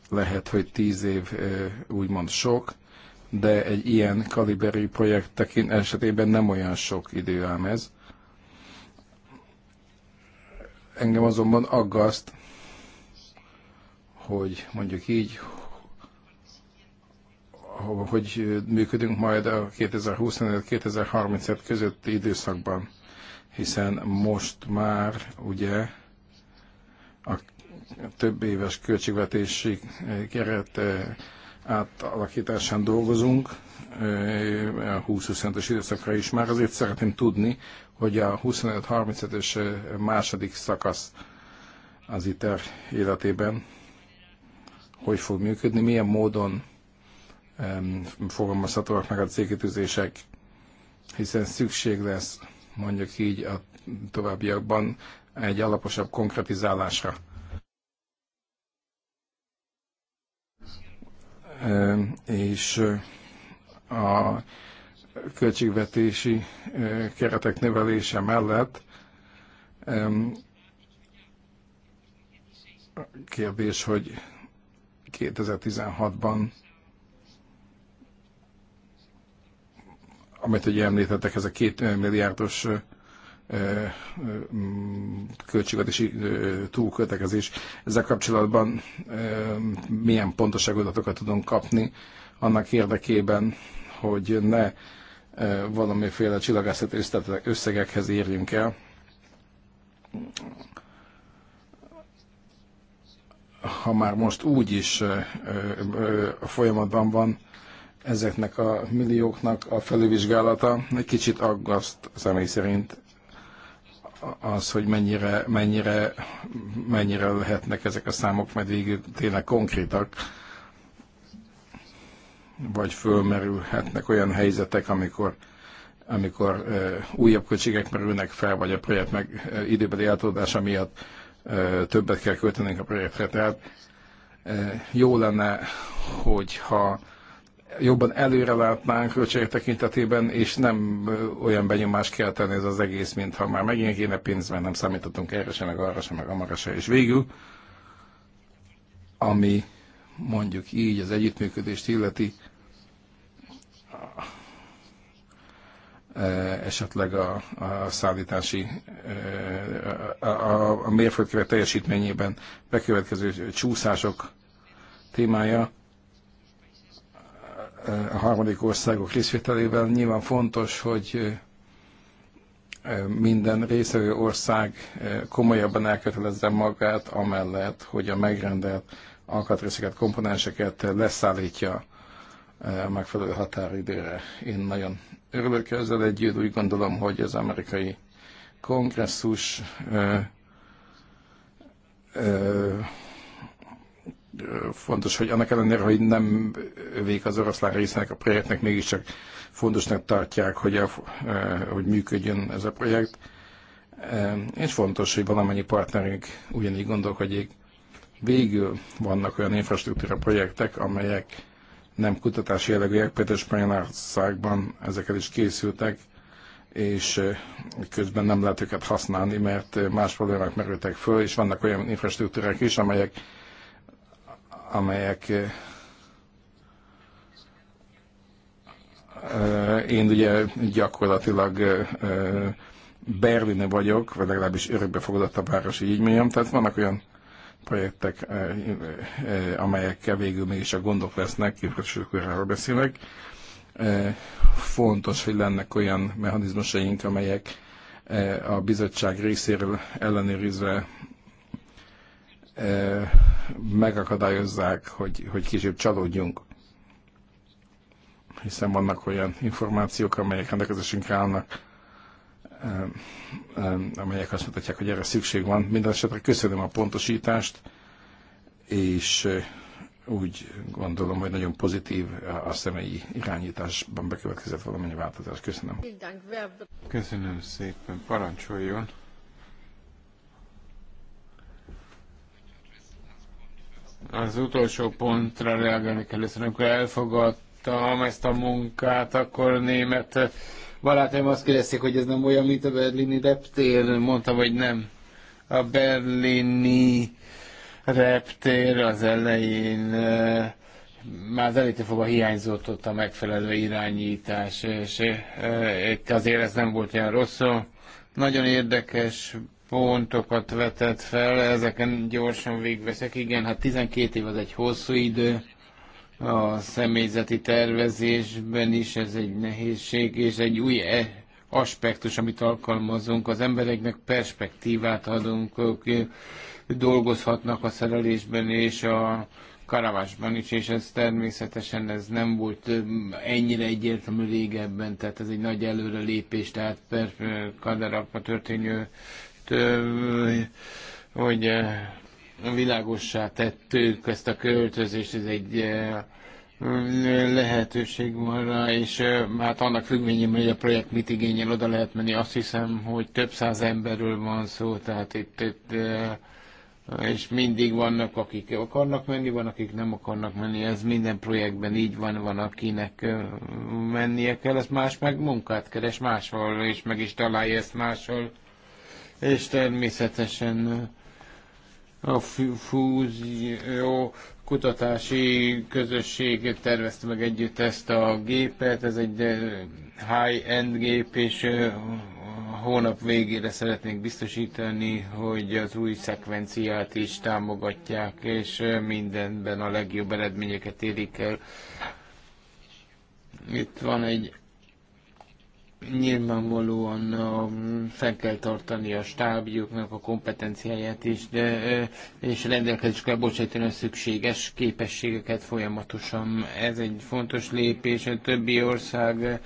Lehet, hogy tíz év úgymond sok, de egy ilyen kaliberű projekt esetében nem olyan sok idő ám ez. Engem azonban aggaszt, hogy mondjuk így, hogy működünk majd a 2025 2030 közötti időszakban, hiszen most már ugye a több éves költségvetési eh, keret eh, átalakításán dolgozunk, eh, a 20-25-ös időszakra is már, azért szeretném tudni, hogy a 25-35-ös második szakasz az ITER életében hogy fog működni, milyen módon fogalmazhatóak meg a célkitűzések, hiszen szükség lesz mondjuk így a továbbiakban egy alaposabb konkretizálásra és a költségvetési keretek növelése mellett kérdés, hogy 2016-ban amit ugye említettek, ez a két milliárdos költségvetési túlkötekezés. Ezzel kapcsolatban milyen pontosabb adatokat tudunk kapni annak érdekében, hogy ne valamiféle csillagászati összegekhez érjünk el. Ha már most úgy is a folyamatban van ezeknek a millióknak a felülvizsgálata, egy kicsit aggaszt személy szerint az, hogy mennyire, mennyire, mennyire lehetnek ezek a számok, mert végül tényleg konkrétak, vagy fölmerülhetnek olyan helyzetek, amikor, amikor újabb költségek merülnek fel, vagy a projekt meg időbeli eltolódása miatt többet kell költenünk a projektre. Tehát jó lenne, hogyha jobban előre látnánk költségek tekintetében, és nem olyan benyomást kell tenni ez az egész, mintha már megint kéne pénz, mert nem számítottunk erre sem, meg arra sem, meg amara sem. És végül, ami mondjuk így az együttműködést illeti, eh, esetleg a, a szállítási, eh, a, a, a mérföldkövek teljesítményében bekövetkező csúszások témája, a harmadik országok részvételével. Nyilván fontos, hogy minden részvevő ország komolyabban elkötelezze magát, amellett, hogy a megrendelt alkatrészeket, komponenseket leszállítja a megfelelő határidőre. Én nagyon örülök ezzel együtt, úgy gondolom, hogy az amerikai kongresszus fontos, hogy annak ellenére, hogy nem vég az oroszlán résznek a projektnek, mégiscsak fontosnak tartják, hogy, a, e, hogy működjön ez a projekt. E, és fontos, hogy valamennyi partnerünk ugyanígy gondolkodjék. Végül vannak olyan infrastruktúra projektek, amelyek nem kutatási jellegűek, például Spanyolországban ezeket is készültek, és e, közben nem lehet őket használni, mert más problémák merültek föl, és vannak olyan infrastruktúrák is, amelyek amelyek én ugye gyakorlatilag Berlin vagyok, vagy legalábbis örökbefogadott a városi, így mondjam, tehát vannak olyan projektek, amelyekkel végül mégis a gondok lesznek, képviselőkörről beszélek. Fontos, hogy lennek olyan mechanizmusaink, amelyek a bizottság részéről ellenőrizve megakadályozzák, hogy, hogy később csalódjunk. Hiszen vannak olyan információk, amelyek rendelkezésünkre állnak, amelyek azt mutatják, hogy erre szükség van. Minden esetre köszönöm a pontosítást, és úgy gondolom, hogy nagyon pozitív a személyi irányításban bekövetkezett valamennyi változás. Köszönöm. Köszönöm szépen. Parancsoljon. Az utolsó pontra reagálni kell először, amikor elfogadtam ezt a munkát, akkor német barátaim azt kérdezték, hogy ez nem olyan, mint a berlini reptér. Mondtam, hogy nem. A berlini reptér az elején eh, már az elejétől fogva hiányzott ott a megfelelő irányítás, és eh, itt azért ez nem volt olyan rossz. Nagyon érdekes pontokat vetett fel, ezeken gyorsan végveszek. Igen, hát 12 év az egy hosszú idő, a személyzeti tervezésben is ez egy nehézség, és egy új e- aspektus, amit alkalmazunk, az embereknek perspektívát adunk, ők dolgozhatnak a szerelésben és a karavásban is, és ez természetesen ez nem volt ennyire egyértelmű régebben, tehát ez egy nagy előrelépés, tehát per kadarabba történő hogy világossá tettük ezt a költözést, ez egy lehetőség van rá, és hát annak függvényében, hogy a projekt mit igényel, oda lehet menni. Azt hiszem, hogy több száz emberről van szó, tehát itt, itt és mindig vannak, akik akarnak menni, van, akik nem akarnak menni. Ez minden projektben így van, van, akinek mennie kell, ez más meg munkát keres máshol, és meg is találja ezt máshol és természetesen a fúzió kutatási közösség tervezte meg együtt ezt a gépet, ez egy eh, high-end gép, és eh, hónap végére szeretnék biztosítani, hogy az új szekvenciát is támogatják, és eh, mindenben a legjobb eredményeket érik el. Itt van egy nyilvánvalóan a, kell tartani a stábjuknak a kompetenciáját is, de, és rendelkezés kell bocsájtani a szükséges képességeket folyamatosan. Ez egy fontos lépés, a többi ország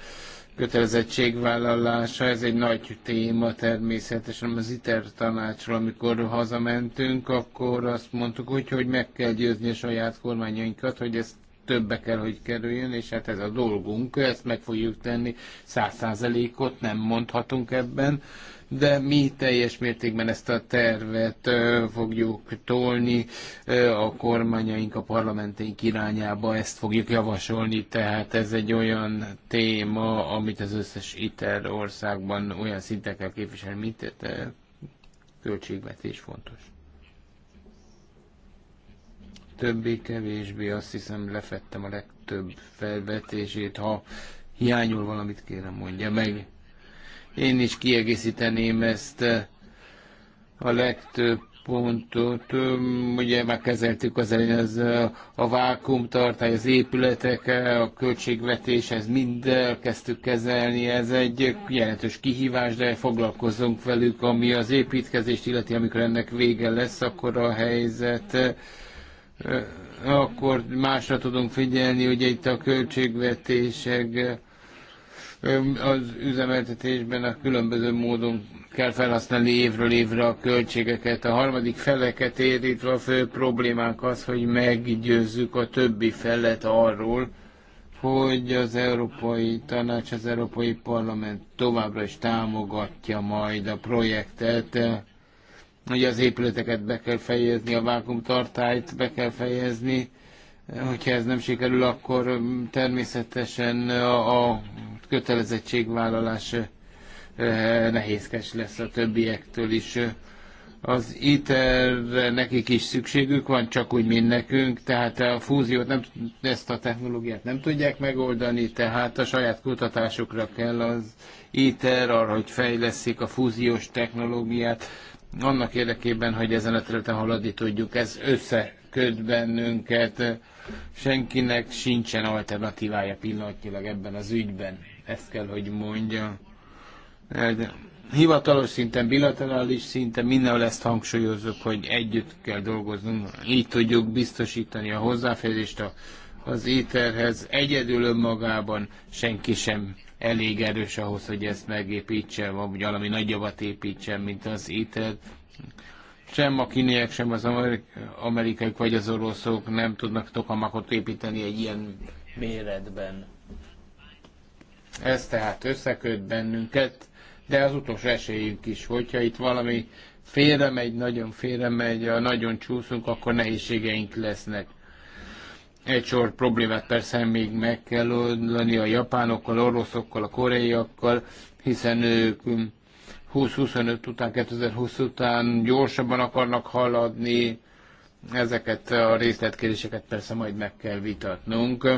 kötelezettségvállalása, ez egy nagy téma természetesen az ITER tanácsról, amikor hazamentünk, akkor azt mondtuk úgy, hogy meg kell győzni a saját kormányainkat, hogy ezt többe kell, hogy kerüljön, és hát ez a dolgunk, ezt meg fogjuk tenni, száz százalékot nem mondhatunk ebben, de mi teljes mértékben ezt a tervet fogjuk tolni a kormányaink, a parlamenteink irányába, ezt fogjuk javasolni, tehát ez egy olyan téma, amit az összes ITER országban olyan szinten kell képviselni, mint költségvetés fontos többé-kevésbé azt hiszem lefettem a legtöbb felvetését. Ha hiányul valamit, kérem mondja meg. Én is kiegészíteném ezt eh, a legtöbb pontot. Ugye már kezeltük az elején, az eh, a vákumtartály, az épületek, eh, a költségvetés, ez mind kezdtük kezelni. Ez egy jelentős kihívás, de foglalkozunk velük, ami az építkezést illeti, amikor ennek vége lesz, akkor a helyzet akkor másra tudunk figyelni, ugye itt a költségvetések az üzemeltetésben a különböző módon kell felhasználni évről évre a költségeket. A harmadik feleket érítve a fő problémánk az, hogy meggyőzzük a többi felet arról, hogy az Európai Tanács, az Európai Parlament továbbra is támogatja majd a projektet, hogy az épületeket be kell fejezni, a vákumtartályt be kell fejezni, hogyha ez nem sikerül, akkor um, természetesen a, a kötelezettségvállalás uh, uh, nehézkes lesz a többiektől is. Az ITER-re nekik is szükségük van, csak úgy, mint nekünk, tehát a fúziót, nem, ezt a technológiát nem tudják megoldani, tehát a saját kutatásokra kell az ITER arra, hogy fejleszik a fúziós technológiát, annak érdekében, hogy ezen a területen haladni tudjuk, ez összeköt bennünket, senkinek sincsen alternatívája pillanatilag ebben az ügyben, ezt kell, hogy mondja. Hivatalos szinten, bilaterális szinten mindenhol ezt hangsúlyozzuk, hogy együtt kell dolgoznunk, így tudjuk biztosítani a hozzáférést az éterhez. Egyedül önmagában senki sem elég erős ahhoz, hogy ezt megépítse, vagy valami nagyobbat építsen, mint az itt. Sem a kínaiak, sem az amerikaiak vagy az oroszok nem tudnak tokamakot építeni egy ilyen méretben. Ez tehát összeköt bennünket, de az utolsó esélyünk is, hogyha itt valami félremegy, nagyon félremegy, nagyon csúszunk, akkor nehézségeink lesznek. Egy sor problémát persze még meg kell oldani a japánokkal, oroszokkal, a koreaiakkal, hiszen ők 20-25 um, után, 2020 után gyorsabban akarnak haladni, ezeket a részletkérdéseket persze majd meg kell vitatnunk.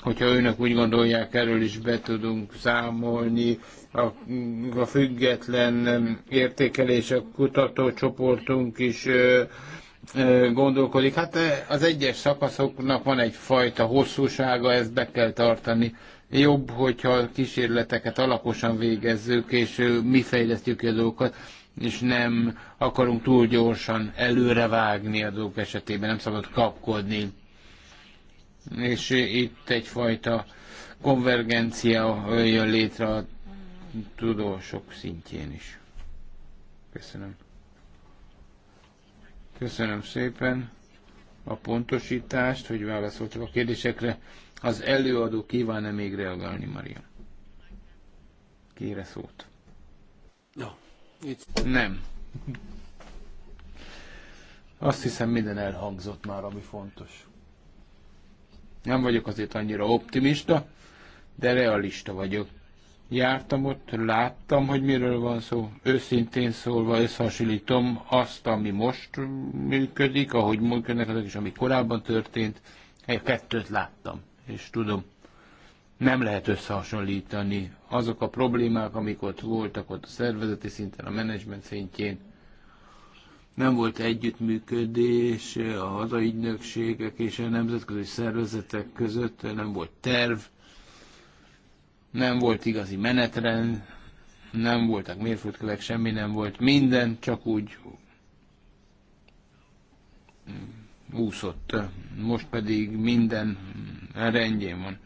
Hogyha önök úgy gondolják, erről is be tudunk számolni. A, a független um, értékelés, a kutatócsoportunk is gondolkodik. Hát az egyes szakaszoknak van egyfajta hosszúsága, ezt be kell tartani. Jobb, hogyha kísérleteket alaposan végezzük, és mi fejlesztjük a dolgokat, és nem akarunk túl gyorsan előrevágni a dolgok esetében, nem szabad kapkodni. És itt egyfajta konvergencia jön létre a tudósok szintjén is. Köszönöm. Köszönöm szépen a pontosítást, hogy válaszoltak a kérdésekre. Az előadó kíván-e még reagálni, Maria? Kére szót. No, itt. Nem. Azt hiszem minden elhangzott már, ami fontos. Nem vagyok azért annyira optimista, de realista vagyok jártam ott, láttam, hogy miről van szó. Őszintén szólva összehasonlítom azt, ami most működik, ahogy működnek azok is, ami korábban történt. Egy kettőt láttam, és tudom, nem lehet összehasonlítani azok a problémák, amik ott voltak ott a szervezeti szinten, a menedzsment szintjén. Nem volt együttműködés a hazai ügynökségek és a nemzetközi szervezetek között, nem volt terv, nem volt igazi menetrend, nem voltak mérföldkövek, semmi nem volt, minden csak úgy úszott. Most pedig minden rendjén van.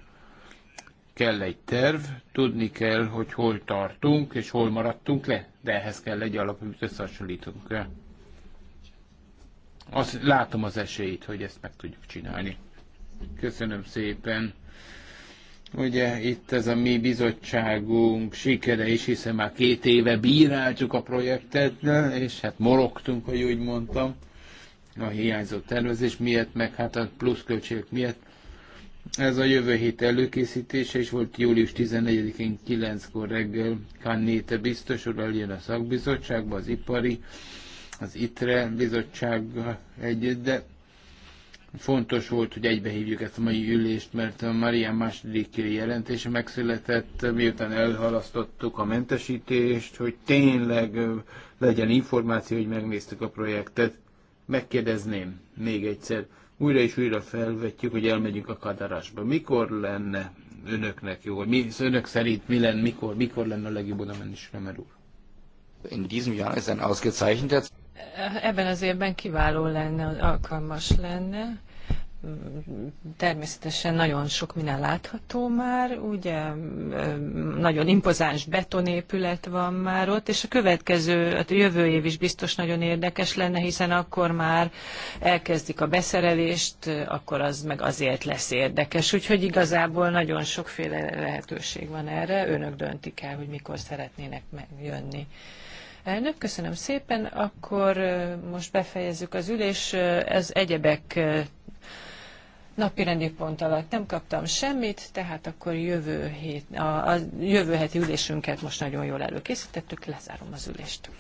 Kell egy terv, tudni kell, hogy hol tartunk és hol maradtunk le, de ehhez kell egy alap, amit összehasonlítunk. Azt, látom az esélyt, hogy ezt meg tudjuk csinálni. Köszönöm szépen. Ugye itt ez a mi bizottságunk sikere is, hiszen már két éve bíráltuk a projektet, és hát morogtunk, hogy úgy mondtam, a hiányzó tervezés miatt, meg hát a pluszköltségek miatt. Ez a jövő hét előkészítése is volt július 14-én 9-kor reggel. Kannéte biztos úr eljön a szakbizottságba, az ipari, az ITRE bizottság együtt, de Fontos volt, hogy egybehívjuk ezt a mai ülést, mert a Marian második jelentése megszületett, miután elhalasztottuk a mentesítést, hogy tényleg legyen információ, hogy megnéztük a projektet. Megkérdezném még egyszer, újra és újra felvetjük, hogy elmegyünk a kadarásba. Mikor lenne önöknek jó, mi, szóval önök szerint mi lenne, mikor, mikor lenne a legjobb oda menni, Sremer úr? In diesem Jahr ist ein ausgezeichneter ebben az évben kiváló lenne, alkalmas lenne. Természetesen nagyon sok minden látható már, ugye nagyon impozáns betonépület van már ott, és a következő, a jövő év is biztos nagyon érdekes lenne, hiszen akkor már elkezdik a beszerelést, akkor az meg azért lesz érdekes. Úgyhogy igazából nagyon sokféle lehetőség van erre, önök döntik el, hogy mikor szeretnének megjönni. Elnök, köszönöm szépen. Akkor most befejezzük az ülés. Ez egyebek napi rendi pont alatt nem kaptam semmit, tehát akkor jövő, hét, a, a jövő heti ülésünket most nagyon jól előkészítettük, lezárom az ülést.